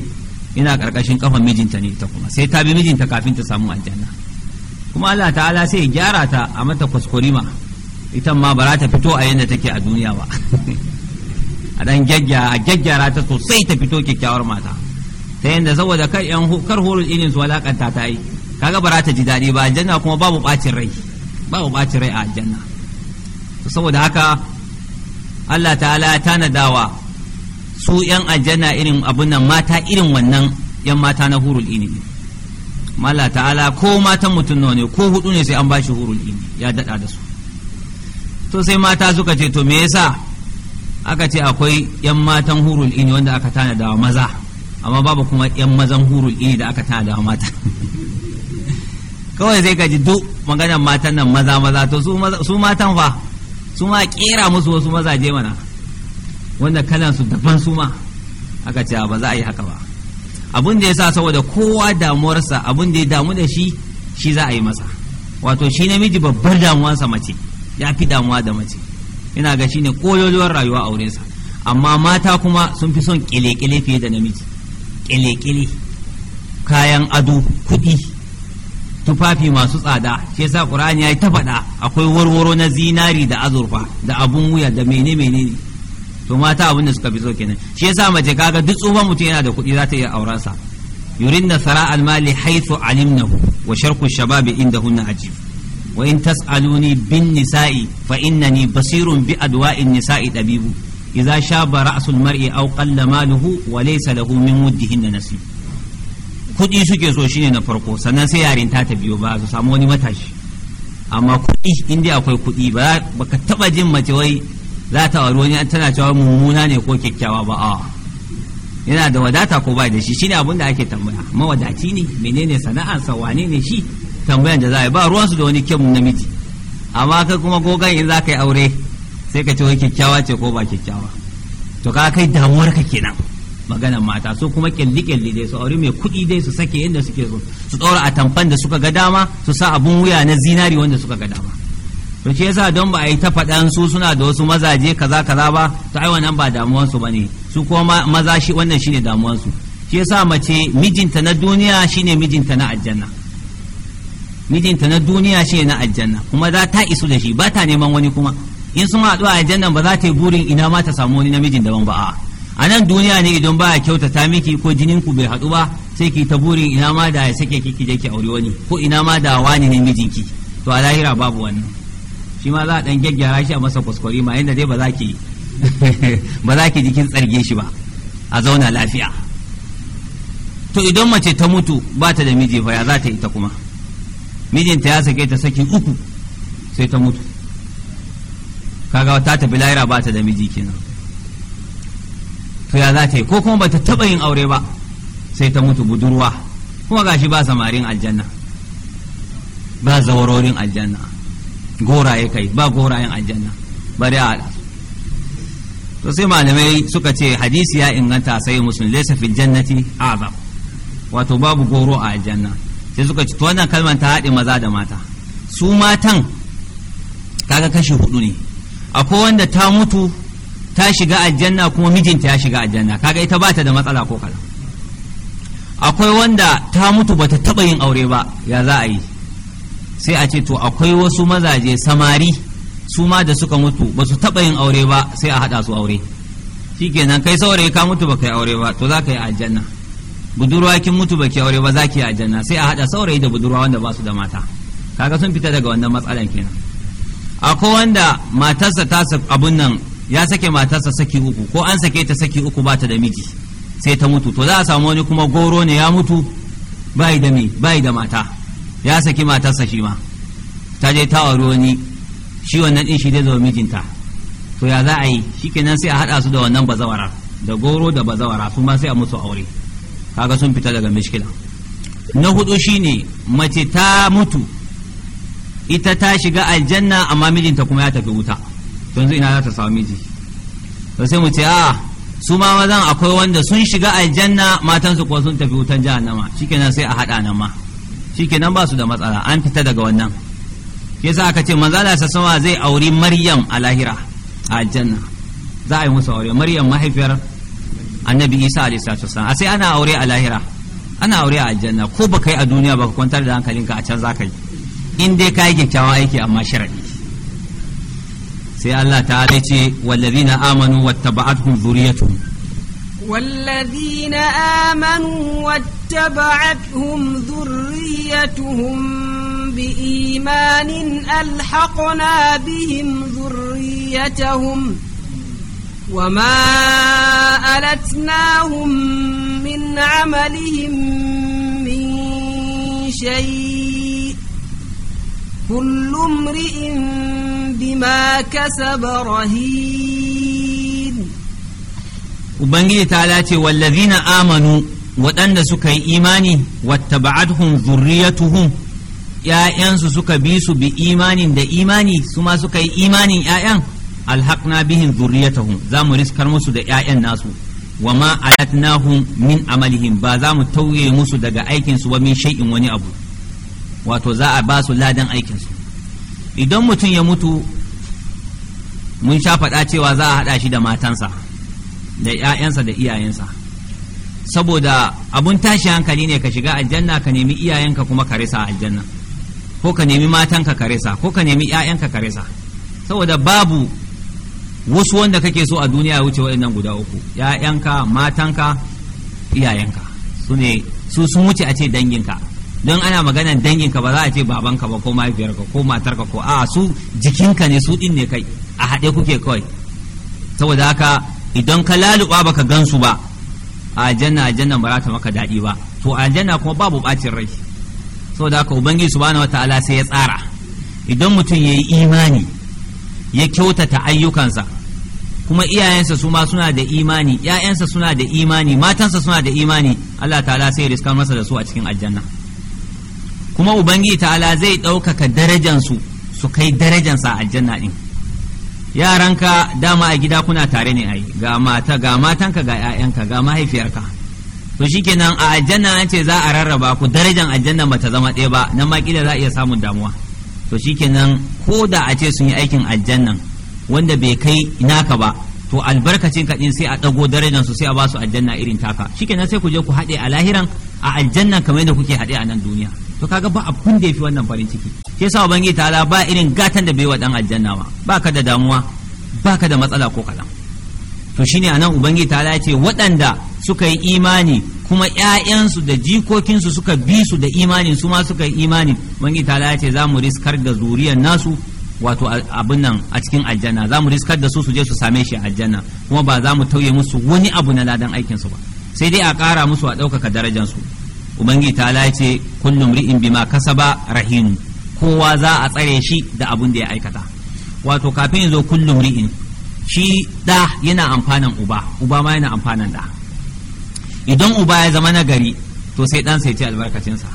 ina karkashin kafan mijinta ne ta kuma sai ta bi mijinta kafin ta samu aljanna kuma Allah ta'ala sai ya gyara ta a mata kuskurima ita ma ba ta fito a yadda take a duniya ba *laughs* a dan gyaggyara ta sosai ta fito kyakkyawar mata ta yadda saboda kar yan kar horul ilin su ta yi kaga ba ta ji daɗi ba aljanna kuma babu bacin rai babu bacin rai a aljanna saboda haka Allah ta'ala ya tanadawa su yan aljanna irin abun nan mata irin wannan yan mata na hurul ini mala ta'ala ko matan mutum ne ko hudu ne sai an bashi hurul ini ya dada da su to sai mata suka ce to me yasa aka ce akwai yan matan hurul ini wanda aka tana da maza amma babu kuma yan mazan hurul ini da aka tana da mata *laughs* kawai sai ka ji duk maganar matan nan maza maza to su matan fa su ma kera musu wasu mazaje mana wanda kalan su daban su ma aka ce ba za a yi haka ba abin da ya sa saboda kowa damuwarsa abin da ya damu da shi shi za a yi masa wato shi namiji babbar damuwarsa mace ya fi damuwa da mace ina ga shi ne koyoyuwar rayuwa a wurinsa amma mata kuma sun fi son kile-kile fiye da namiji kile-kile kayan ado kuɗi tufafi masu tsada shi yasa qur'ani ya yi ta faɗa akwai warwaro na zinari da azurfa da abun wuya da mene-mene to mata abin da suka fi so kenan shi yasa mace kaga duk tsohon mutum yana da kuɗi za ta iya auren sa yurinna sara almali haythu alimnahu wa sharku shababi indahunna ajib wa in tas'aluni bin nisa'i fa innani basirun bi adwa'in nisa'i dabibu idza shaba ra'sul mar'i aw qalla maluhu wa laysa lahu min wuddihinna kuɗi suke so shine na farko sannan sai yarinta ta biyo ba su samu wani matashi amma kuɗi in dai akwai kuɗi ba ka taɓa jin mace wai za ta wari wani tana cewa mummuna ne ko kyakkyawa ba a yana da wadata ko ba da shi shi ne abin da ake tambaya mawadaci ne menene sa wane ne shi tambayan da za a yi ba ruwansu da wani kyan namiji amma kai kuma gogan in za ka yi aure sai ka ce wai kyakkyawa ce ko ba kyakkyawa to ka kai damuwar ka kenan maganar mata su kuma kyalli kyalli dai su aure mai kuɗi dai su sake yadda suke so su a tamfan da suka ga dama su sa abun wuya na zinari wanda suka ga dama to shi yasa don ba a yi ta faɗan su suna da wasu mazaje kaza kaza ba to ai wannan ba damuwansu ba ne su kuma maza shi wannan shine damuwansu shi yasa mace mijinta na duniya shine mijinta na aljanna mijinta na duniya shine na aljanna kuma za ta isu da shi ba ta neman wani kuma in sun haɗu a aljanna ba za ta yi burin ina ma ta samu wani namijin daban ba a'a a nan duniya ne idan ba a kyautata miki ko jinin ku bai haɗu ba sai ki ta burin ina ma da ya sake kiki je ki aure wani ko ina ma da wani ne mijinki to a lahira babu wannan shi ma za a dan gyaggyara shi a masa kuskure ma yadda dai ba za ki *laughs* ba za ki jikin tsarge shi ba a zauna lafiya to idan mace ta mutu ba ta da miji fa ya za ta yi ta kuma mijinta ya sake ta sakin uku sai ta mutu kaga ta tafi lahira ba ta da miji kenan to ya za ta yi ko kuma ba ta taba yin aure ba sai ta mutu budurwa kuma gashi ba samarin aljanna ba zawarorin aljanna goraye kai ba gorayen aljanna bari a to sai malamai suka ce hadisi ya inganta sai musulmi laysa fil jannati azab wato babu goro a aljanna sai suka ce to wannan kalmar ta haɗe maza da mata su matan kaga kashi hudu ne akwai wanda ta mutu ta shiga aljanna kuma mijinta ya shiga aljanna kaga ita bata da matsala ko kala akwai wanda ta mutu bata taba yin aure ba ya za a yi sai a ce to akwai wasu mazaje samari su ma da suka mutu ba su taɓa yin aure ba sai a haɗa su aure shi kenan kai saurayi ka mutu ba kai aure ba to za ka yi aljanna budurwa kin mutu ba ki aure ba za ki yi aljanna sai a haɗa saurayi da budurwa wanda ba su da mata kaga sun fita daga wannan matsalan kenan akwai wanda matarsa ta abun nan ya sake matarsa saki uku ko an sake ta saki uku ba ta da miji sai ta mutu to za a samu wani kuma goro ne ya mutu bai da mai bai da mata ya saki matarsa shi ma ta je ta auri wani shi wannan din shi zai zama mijinta to ya za a yi shikenan sai a hada su da wannan bazawara da goro da bazawara su ma sai a musu aure kaga sun fita daga mishkila na hudu shine mace ta mutu ita ta shiga aljanna amma mijinta kuma ya tafi wuta to yanzu ina za ta samu miji to sai mu ce a su ma mazan akwai wanda sun shiga aljanna matansu kuwa sun tafi wutan jahannama shikenan sai a hada nan ma shikenan ba su da matsala an fita daga wannan yasa aka ce manzo Allah sassawa zai auri Maryam a lahira a aljanna za a yi musu aure Maryam mahaifiyar Annabi Isa alaihi salatu a sai ana aure a lahira ana aure a aljanna ko ba kai a duniya ba ka kwantar da hankalinka a can za ka yi in dai ka yi kyakkyawan aiki amma sharadi sai Allah ta ce wallazina amanu wattaba'atuhum dhurriyyatuhum
والذين آمنوا واتبعتهم ذريتهم بإيمان ألحقنا بهم ذريتهم وما ألتناهم من عملهم من شيء كل امرئ بما كسب رهين
ubangiji ta lace wallazina amanu waɗanda suka yi imani wattaba'athum zurriyatuhum ‘ya'yansu suka bi su bi imanin da imani su ma suka yi imanin ‘ya'yan alhaƙna bihin zurriyatahum za mu riskar musu da ‘ya'yan nasu wa ma alatnahum min amalihim ba za mu tauye musu daga aikinsu wa min shay'in wani abu wato za a ba su ladan aikinsu idan mutum ya mutu mun sha faɗa cewa za a haɗa shi da matansa da 'ya'yansa da iyayensa saboda abun tashi hankali ne ka shiga aljanna ka nemi iyayenka kuma ka resa aljanna ko ka nemi matanka ka resa ko ka nemi 'ya'yanka ka resa saboda babu wasu wanda kake so a duniya ya wuce waɗannan guda uku 'ya'yanka matanka iyayenka su ne su sun wuce a ce danginka don ana maganan danginka ba za a ce babanka ba ko mahaifiyarka ko matarka ko a su jikinka ne su ɗin ne kai a haɗe kuke kawai saboda haka idan ka laluba baka gansu ba a a janna ba za ta maka daɗi ba to a janna kuma babu bacin rai saboda haka ubangiji subhanahu wataala sai ya tsara idan mutum yayi imani ya kyautata ayyukansa kuma iyayensa su ma suna da imani ‘ya'yansa suna da imani matansa suna da imani Allah ta'ala sai riska masa da su a cikin aljanna kuma ubangiji ta'ala zai ɗaukaka darajansu su kai darajansa a aljanna ɗin yaranka dama a gida kuna tare ne ai ga mata ga matanka ga 'ya'yanka ga mahaifiyarka to shikenan a aljanna an ce za a rarraba ku darajan aljanna bata zama ɗaya ba nan ma kila za a iya samun damuwa to shikenan ko da a ce sun yi aikin aljannan wanda bai kai naka ba to albarkacin ka din sai a dago darajar su sai a ba su aljanna irin taka shikenan sai ku je ku haɗe a lahiran a aljanna kamar yadda kuke haɗe a nan duniya to kaga ba abun da yafi wannan farin ciki sa yasa ubangiji ta'ala ba irin gatan da bai wa dan aljanna ba baka da damuwa baka da matsala ko kala. to shine anan ubangiji ta'ala ya ce waɗanda suka yi imani kuma ƴaƴansu da jikokinsu suka bi su da imani su ma suka yi imani ubangiji ta'ala ya ce za mu riskar da zuriyar nasu wato abin nan a cikin aljanna za mu riskar da su su je su same shi a aljanna kuma ba za mu tauye musu wani abu na ladan aikinsu ba sai dai a ƙara musu a ɗaukaka darajansu ubangiji ta ce kullum ri'in bima kasaba rahinu kowa za a tsare shi da abun da ya aikata wato kafin yazo zo kullum ri'in shi da yana amfanan uba uba ma yana amfanan da idan uba ya zama nagari to sai dan sai ce sa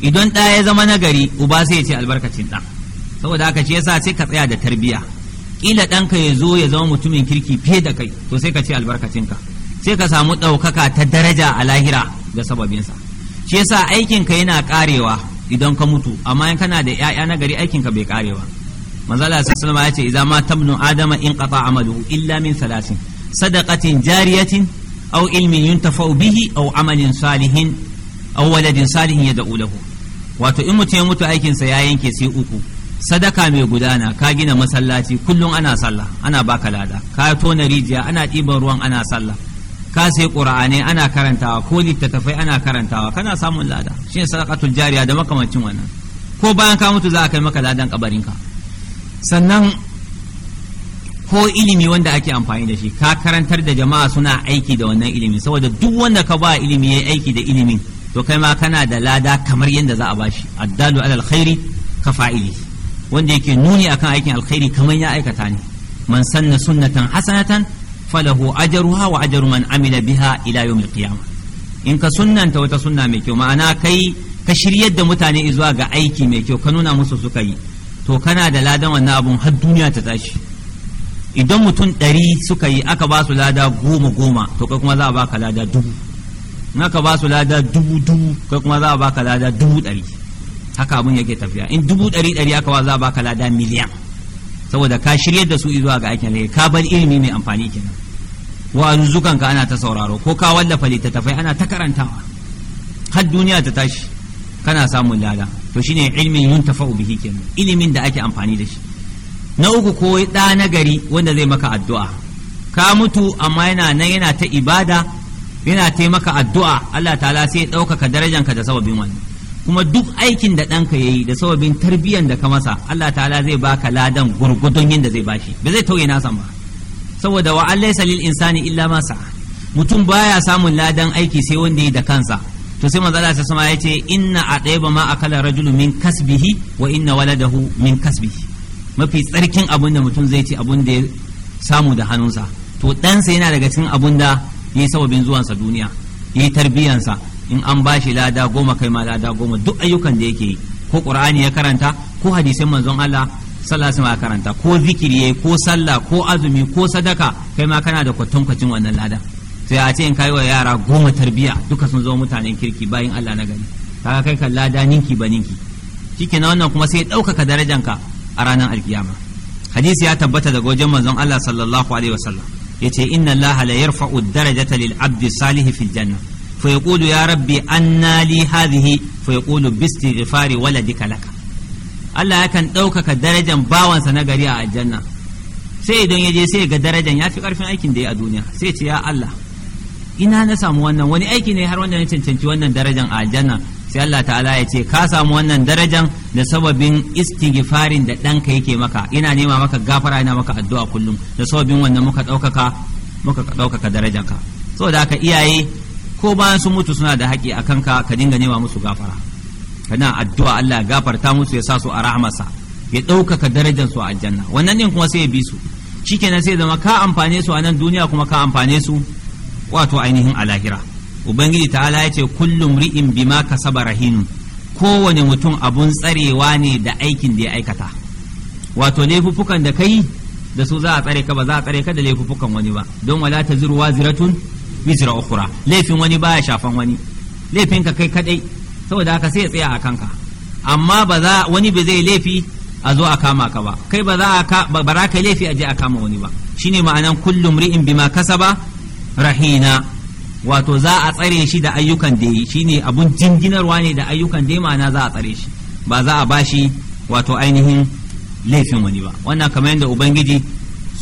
idan da ya zama nagari uba sai ya ce albarkacin dan saboda haka shi yasa sai ka tsaya da tarbiya kila ɗanka ya zo ya zama mutumin kirki fiye da kai to sai ka ce ka sai ka samu ɗaukaka ta daraja a lahira da sababinsa shi yasa aikin ka yana karewa idan ka mutu amma in kana da 'ya'ya na gari aikin ka bai karewa manzala sallallahu alaihi ya ce idza ma tabnu adama in qata amaluhu illa min salasin sadaqatin jariyatin aw ilmin yuntafa bihi aw amalin salihin aw waladin salihin yad'u lahu wato in mutum ya mutu aikin sa ya yanke sai uku sadaka mai gudana ka gina masallaci kullum ana sallah ana baka lada ka tona rijiya ana ɗiban ruwan ana sallah ka sai qur'ani ana karantawa ko littattafai ana karantawa kana samun lada shine sadaqatul jariya da makamancin wannan ko bayan ka mutu za a kai maka ladan ka sannan ko ilimi wanda ake amfani da shi ka karantar da jama'a suna aiki da wannan ilimi saboda duk wanda ka ba ilimi yayi aiki da ilimin to kai ma kana da lada kamar yadda za a bashi addalu alal khairi ka fa'ili wanda yake nuni akan aikin alkhairi kamar ya aikata ne man sanna sunnatan hasanatan فله ajruha wa من man بها biha ila yawmil qiyamah in ka sunnanta wata sunna mai kyau ma'ana kai ka shiryar da mutane zuwa ga aiki mai kyau ka nuna musu suka yi to kana da ladan na abun har duniya ta tashi idan mutum ɗari suka yi aka ba su lada goma goma to kai kuma za a ka lada dubu in aka ba su lada dubu dubu kai kuma za a ka lada dubu ɗari haka abun yake tafiya in dubu ɗari ɗari aka ba za a baka lada miliyan saboda ka shirya da su zuwa ga aikin alheri ka bar ilimi mai amfani kenan wa'azuzzukan ka ana ta sauraro ko ka wallafa littattafai ana ta karantawa har duniya ta tashi kana samun lada to shine ilmin yun tafa'u bihi kenan ilimin da ake amfani da shi na uku ko ɗa na gari wanda zai maka addu'a ka mutu amma yana nan yana ta ibada yana taimaka addu'a Allah ta'ala sai ya ɗaukaka darajanka da sababin wannan kuma duk aikin da ɗanka ya yi da sababin tarbiyyar da ka masa Allah ta'ala zai baka ladan gurgudun yadda zai bashi ba zai tauye nasa ba saboda wa Allah salil insani illa masa mutum baya samun ladan aiki sai wanda ya da kansa to sai manzo Allah sama ya ce inna ba ma akala rajulu min kasbihi wa inna waladahu min kasbihi mafi tsarkin abin da mutum zai ci abin da ya samu da hannunsa to ɗansa yana daga cikin abin da ya yi sababin zuwansa duniya ya yi tarbiyyansa in an bashi lada goma kai ma lada goma duk ayyukan da yake yi ko qur'ani ya karanta ko hadisin manzon Allah sallallahu alaihi karanta ko zikiri yayi ko sallah ko azumi ko sadaka kai ma kana da kwatankwacin wannan lada sai a ce in kai wa yara goma tarbiya duka sun zama mutanen kirki bayan Allah na gari kaga kai kan lada ninki ba ninki shikenan wannan kuma sai ya ɗaukaka darajanka a ranar alkiyama hadisi ya tabbata daga wajen manzon Allah sallallahu alaihi wasallam yace inna Allah la yarfa'u darajata lil 'abdi salihi fil janna Faikulu ya rabbi anna li hadhihi fa yaqulu bi istighfari waladika laka Allah yakan ɗaukaka darajan bawansa na gari a aljanna sai idan ya je sai ga darajan ya fi ƙarfin aikin da ya a duniya sai ce ya Allah ina na samu wannan wani aiki ne har wanda na cancanci wannan darajan a aljanna sai Allah ta'ala ya ce ka samu wannan darajan da sababin istighfarin da ɗanka yake maka ina nema maka gafara ina maka addu'a kullum da sababin wannan muka ɗaukaka muka ɗaukaka darajanka saboda haka iyaye ko bayan sun mutu suna da haƙi a kanka ka dinga nema musu gafara kana addu'a Allah ya gafarta musu ya sa su a rahmasa ya ɗaukaka darajar su a aljanna wannan ɗin kuma sai ya bi su shikenan sai zama ka amfane su a nan duniya kuma ka amfane su wato ainihin a lahira ubangiji ta'ala ya ce kullum ri'in bima saba rahinu kowane mutum abun tsarewa ne da aikin da ya aikata wato laifuffukan da kai da su za a tsare ka ba za a tsare ka da laifuffukan wani ba don wala ta ziru waziratun misra ukura laifin wani baya shafan wani laifin ka kai kadai saboda haka sai ya tsaya a kanka amma ba za wani ba zai laifi a zo a kama ka ba kai ba za ka ba za ka laifi a je a kama wani ba shine ma'anan kullum ri'in bima kasaba rahina wato za a tsare shi da ayyukan da yi shine abun jinginarwa ne da ayyukan da ma'ana za a tsare shi ba za a bashi wato ainihin laifin wani ba wannan kamar yadda ubangiji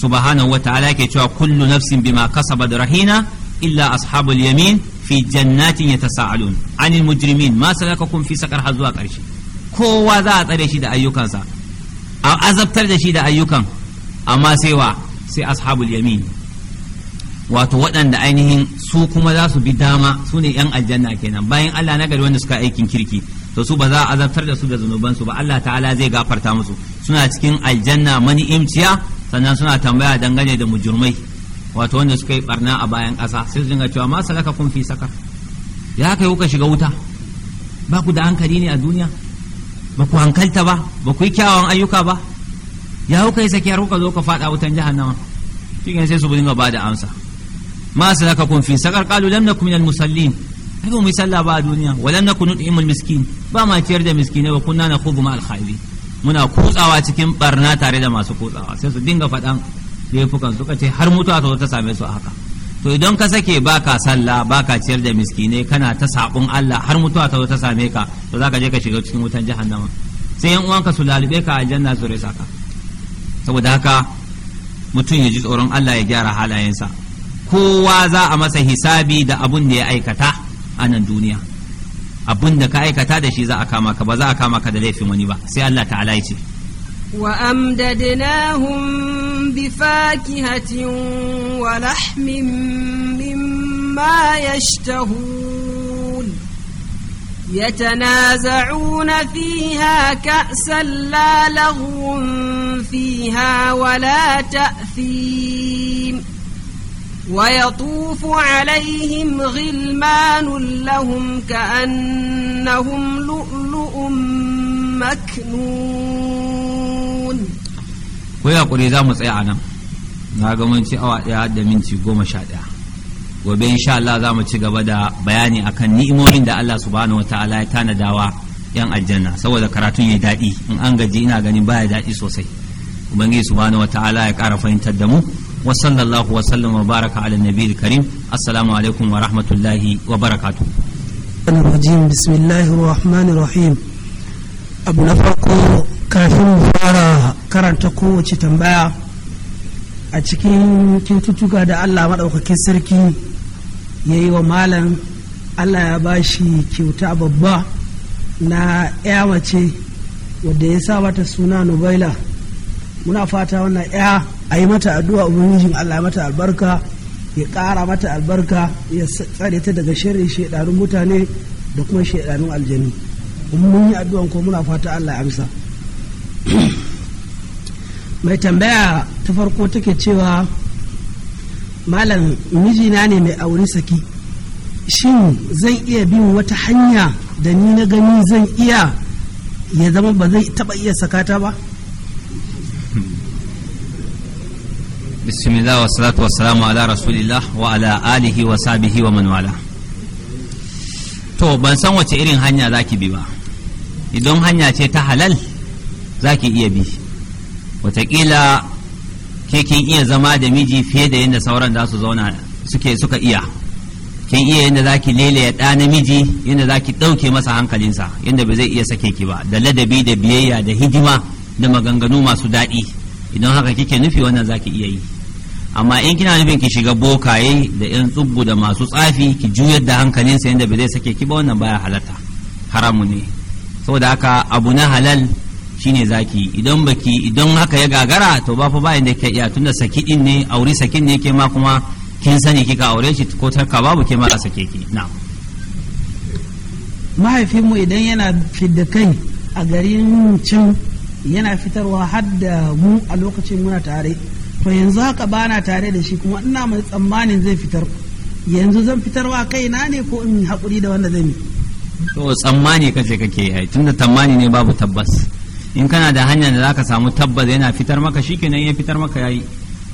subhanahu ta'ala ke cewa kullu nafsin bima kasabat rahina illa ashabul yamin fi jannatin yatasaalun anil mujrimin ma salakakum fi saqar har zuwa karshe kowa za a tsare shi da ayyukansa a azabtar da shi da ayyukan amma sai wa ashabul yamin wato waɗanda ainihin su kuma za su bi dama su ne yan aljanna kenan bayan Allah na gari wanda suka aikin kirki to ba za a azabtar da su da zunubansu ba Allah ta'ala zai gafarta musu suna cikin aljanna mani'imciya sannan suna tambaya dangane da mujurmai wato wanda suka yi barna a bayan ƙasa sai su dinga cewa ma salaka kun fi sakar ya kai kuka shiga wuta ba ku da hankali ne a duniya ba ku hankalta ba ba ku yi kyawawan ayyuka ba ya kuka yi sakiyar kuka zo ka faɗa wutan jahannama shi sai su dinga ba da amsa ma salaka kun fi sakar qalu lam nakum minal musallin ai ba mu yi sallah ba a duniya wa lam nakun nut'imul miskin ba ma ciyar da miskinai wa kunna nakhudhu ma al muna kutsawa cikin barna tare da masu kutsawa sai su dinga faɗan laifukan suka ce har mutuwa ta ta same su a haka to idan ka sake baka sallah baka ciyar da miskinai kana ta sabon Allah har mutuwa ta ta same ka to zaka je ka shiga cikin wutan jahannama sai yan uwanka su lalube ka aljanna su rasa ka saboda haka mutum ya ji tsoron Allah ya gyara halayen sa kowa za a masa hisabi da abun da ya aikata a nan duniya abun da ka aikata da shi za a kama ka ba za a kama ka da laifin wani ba sai Allah ta'ala ya
ce وأمددناهم بفاكهة ولحم مما يشتهون يتنازعون فيها كأسا لا لغو فيها ولا تأثيم ويطوف عليهم غلمان لهم كأنهم لؤلؤ مكنون
ku yi za mu tsaya a nan na ga mun ci awa ɗaya da minti goma sha ɗaya gobe insha Allah za mu ci gaba da bayani akan ni'imomin da Allah subhanahu wataala ya tanadawa yan aljanna saboda karatun ya daɗi in an gaji ina ganin baya daɗi sosai ubangiji subhanahu wataala ya ƙara fahimtar da mu wa sallallahu wa sallama wa baraka ala nabiyil karim assalamu alaikum wa rahmatullahi wa barakatuh
بسم الله الرحمن الرحيم abu na farko kafin mu fara karanta kowace tambaya a cikin kyaututtuka da allah maɗaukakin sarki ya yi wa malam allah ya ba shi kyauta babba na ya mace wadda ya sa mata suna nubaila muna fata wannan ya a yi mata addu'a ubangijin allah mata albarka ya ƙara mata albarka ya tsare ta daga shirin shaidanun mutane da kuma shaidanun aljanu kuma mun yi addu'an ko muna fata Allah ya amsa mai tambaya ta farko take cewa malam mijina ne mai auri saki shin zan iya bin wata hanya da ni na gani zan iya ya zama ba zai taba iya sakata ba
bismillah wa salatu wa salamu ala rasulillah wa ala alihi wa sabihi wa manwala to ban san wace irin hanya zaki bi ba idan hanya ce ta halal za ki iya bi wataƙila ke kin iya zama da miji fiye da yadda sauran za su zauna suke suka iya kin iya yadda za ki ya ɗa namiji yadda za ki ɗauke masa hankalinsa yadda ba zai iya sake ki ba da ladabi da biyayya da hidima da maganganu masu daɗi idan haka kike nufi wannan za ki iya yi amma in kina nufin ki shiga bokaye da yan tsubbu da masu tsafi ki juyar da hankalinsa yadda ba zai sake ki ba wannan baya halatta haramu ne saboda haka abu na halal shine zaki idan baki idan haka ya gagara to ba fa bayan da ke iya tunda saki din ne aure sakin ne ke ma kuma kin sani kika aure shi ko tarka babu ke ma sake ki na
mahaifinmu idan yana fidda kai a garin cin yana fitarwa har da mu a lokacin muna tare to yanzu haka bana tare da shi kuma ina mai tsammanin zai fitar yanzu zan fitarwa kaina ne ko in haƙuri da wanda zai yi
to tsammani kace kake yi tunda tsammani ne babu tabbas in kana da hanya da zaka samu tabbas yana fitar maka shikenan ya fitar maka yayi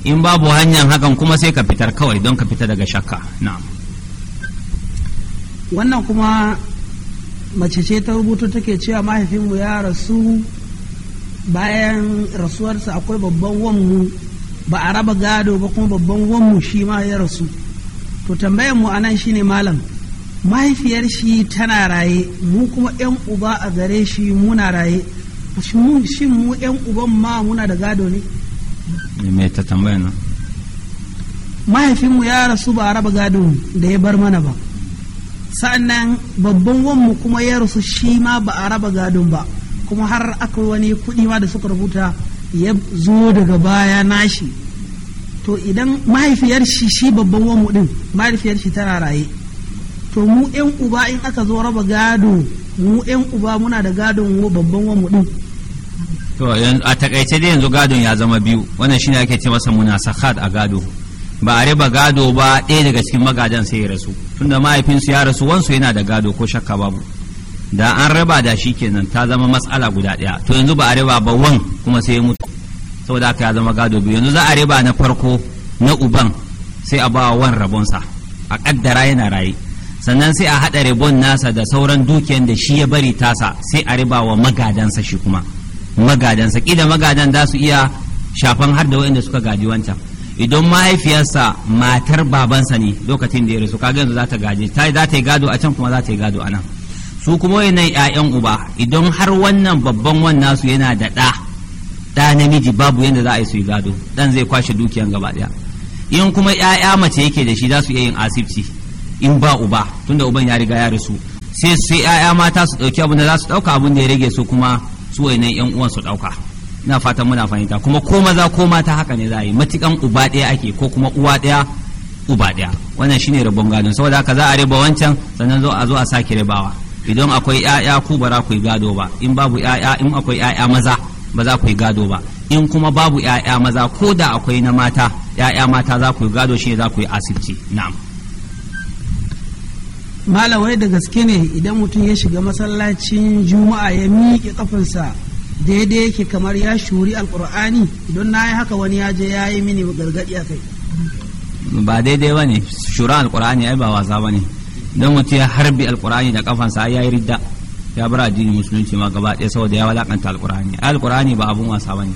in babu hanyar hakan kuma sai ka fitar kawai don ka fita daga shakka na'am
wannan kuma mace ce ta rubuta take cewa mahaifinmu ya rasu bayan rasuwarsa akwai babban wanmu ba a raba gado ba kuma babban wanmu shi ma ya rasu to tambayar mu anan shine malam mahaifiyar shi tana raye mu kuma yan uba a gare shi muna raye shin mu yan uban ma muna da gado ne
mai ta tambaya na
mahaifinmu ya rasu ba raba gado da ya bar mana ba sa'annan babban wanmu kuma ya rasu shi ma ba a raba gado ba kuma har aka wani kuɗi ma da suka rubuta ya zo daga baya nashi to idan mahaifiyar shi shi babban wanmu din mahaifiyar shi tana raye to mu yan uba in aka zo raba gado mu yan uba muna da gadon babban wa mu din
to a takaice dai yanzu gadon ya zama biyu wannan shine ake ce masa munasakat a gado ba a riba gado ba ɗaya daga cikin magadan sai ya rasu tunda mahaifinsu ya rasu wansu yana da gado ko shakka babu da an raba da shi kenan ta zama matsala guda ɗaya to yanzu ba a riba ba wan kuma sai ya mutu saboda haka ya zama gado biyu yanzu za a riba na farko na uban sai a ba wan rabonsa a kaddara yana raye sannan sai a haɗa ribon nasa da sauran dukiyan da shi ya bari tasa sai a riba wa magadansa shi kuma magadansa ƙida magadan za su iya shafan har da waɗanda suka gaji wancan idan mahaifiyarsa matar babansa ne lokacin da ya rasu kaga yanzu za ta gaji ta za ta yi gado a can kuma za ta yi gado a nan su kuma wayannan ƴaƴan uba idan har wannan babban wannan su yana da ɗa ɗa namiji babu yadda za a yi su yi gado ɗan zai kwashe dukiyan gaba ɗaya in kuma ƴaƴa mace yake da shi za su iya yin asibiti in ba uba tunda uban ya riga ya rasu sai sai yaya mata su ɗauki abin da za su ɗauka abin da ya rage su kuma su wayannan yan uwan su ɗauka ina fatan muna fahimta kuma ko maza ko mata haka ne za yi matukan uba ɗaya ake ko kuma uwa daya uba ɗaya wannan shine rabon gado saboda haka za a riba wancan sannan zo a zo a sake ribawa idan akwai yaya ku ba za ku yi gado ba in babu yaya in akwai yaya maza ba za ku yi gado ba in kuma babu yaya maza ko da akwai na mata yaya mata za ku yi gado shi za ku yi asibiti na'am
malamai da gaske ne idan mutum ya shiga masallacin juma'a ya miƙe kafinsa daidai yake kamar ya shuri alƙur'ani don na yi haka wani ya je ya yi mini gargaɗi a kai
ba daidai ba ne shura alƙur'ani ai ba wasa ba ne don mutum ya harbi alƙur'ani da kafansa ya yi ridda ya bar addinin musulunci ma gaba ɗaya saboda ya walakanta alkur'ani alƙur'ani ba abun wasa ba ne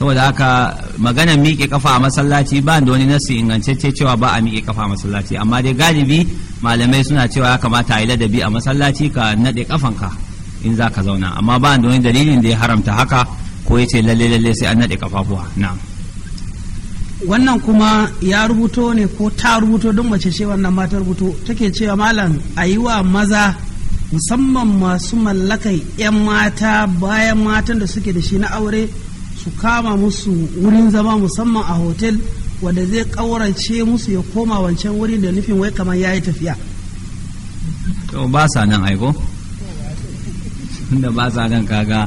saboda haka magana miƙe kafa a masallaci ba da wani nasi ingantacce cewa ba a miƙe kafa a masallaci amma dai galibi malamai suna cewa ya kamata a yi ladabi a masallaci ka naɗe kafanka in za ka zauna amma ba da wani dalilin da ya haramta haka ko ya ce lalle lalle sai an naɗe kafafuwa na
wannan kuma ya rubuto ne ko ta rubuto don mace ce wannan ma ta rubuto take cewa malam a yi wa maza musamman masu mallakai 'yan mata bayan matan da suke da shi na aure su kama musu wurin zama musamman a hotel wanda zai ƙaurace musu ya koma wancan wurin da nufin wai kamar ya yi tafiya
to
ba sa nan aiko da ba sa nan kaga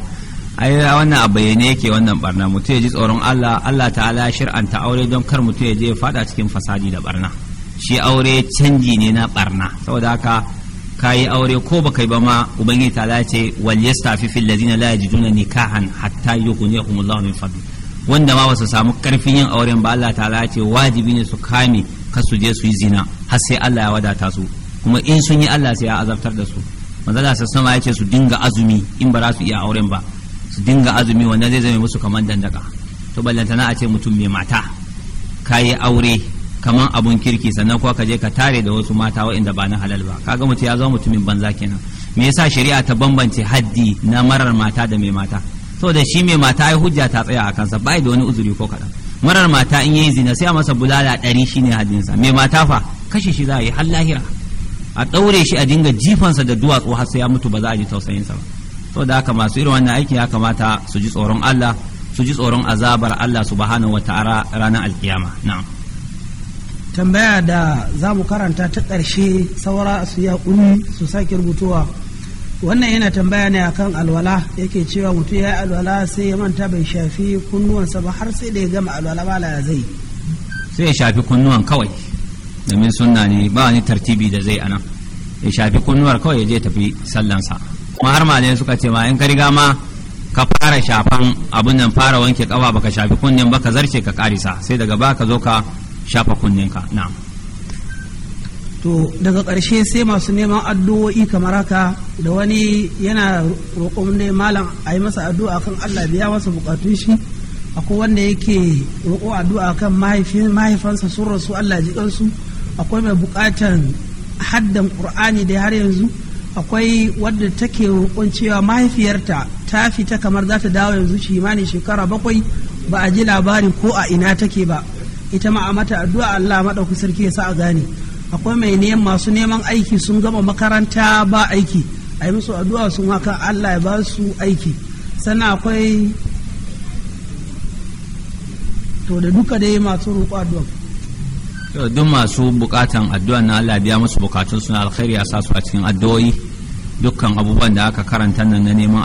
ai wannan a bayyane yake wannan barna mutum ya ji tsoron Allah Allah ta'ala shir'anta aure don kar mutum ya je ya fada cikin fasadi da barna shi aure canji ne na barna saboda haka kayi aure ko baka yi ba ma ubangiji ta ce wal yastafi fil ladina la yajiduna nikahan hatta yughniyahum Allah min fadli wanda ma basu samu karfin yin auren ba Allah ta ce wajibi ne su kame kasu je su yi zina har sai Allah ya wadata su kuma in sun yi Allah sai ya azabtar da su manzala sassama ya ce su dinga azumi in ba za su iya auren ba su dinga azumi wanda zai zame musu kamar dandaka to ballantana a ce mutum mai mata kayi aure kamar abun kirki sannan kuwa ka je ka tare da wasu mata waɗanda ba na halal ba kaga mutum ya zama mutumin banza kenan me yasa shari'a ta bambance haddi na marar mata da mai mata saboda shi mai mata ai hujja ta tsaya a kansa bai da wani uzuri ko kaɗan marar mata in yayi zina sai a masa bulala ɗari shine haddinsa mai mata fa kashe shi za a yi har lahira a ɗaure shi a dinga jifansa da duwatsu har sai ya mutu ba za a ji tausayinsa ba saboda haka masu irin wannan aikin ya kamata su ji tsoron Allah su ji tsoron azabar Allah subhanahu wa ta'ala ranar alkiyama na'am
tambaya da za mu karanta ta ƙarshe saura su ya ƙuni su sake rubutuwa wannan yana tambaya ne akan alwala yake cewa mutum ya yi alwala sai ya manta bai shafi kunnuwansa ba har sai da ya gama alwala ba la zai
sai ya shafi kunnuwan kawai domin sunna ne ba wani tartibi da zai anan ya shafi kunnuwar kawai ya je tafi sallansa kuma har ne suka ce ma in ka riga ma ka fara shafan abin nan fara wanke kafa baka shafi kunnen baka zarce ka karisa sai daga baka zo ka shafa kunninka na.
to daga ƙarshe sai masu neman addu'o'i kamar haka da wani yana roƙon ne malam a yi masa addu'a kan Allah biya masa bukatun shi akwai wanda yake roƙo addu'a kan mahaifansa sun rasu Allah ji kansu akwai mai buƙatan haddan ƙur'ani da har yanzu akwai wadda take roƙon cewa mahaifiyarta ta fita kamar za ta dawo yanzu shi shekara bakwai ba a ji labarin ko a ina take ba ita ma a mata addu'a Allah madauki sarki ya sa a gane akwai mai neman masu neman aiki sun gama makaranta ba aiki a yi musu addu'a sun haka Allah ya ba su aiki sannan akwai to da duka dai masu roƙo addu'a
duk masu bukatan addu'a na Allah biya musu bukatun suna alkhairi ya sa su a cikin addu'o'i dukkan abubuwan da aka karanta nan na neman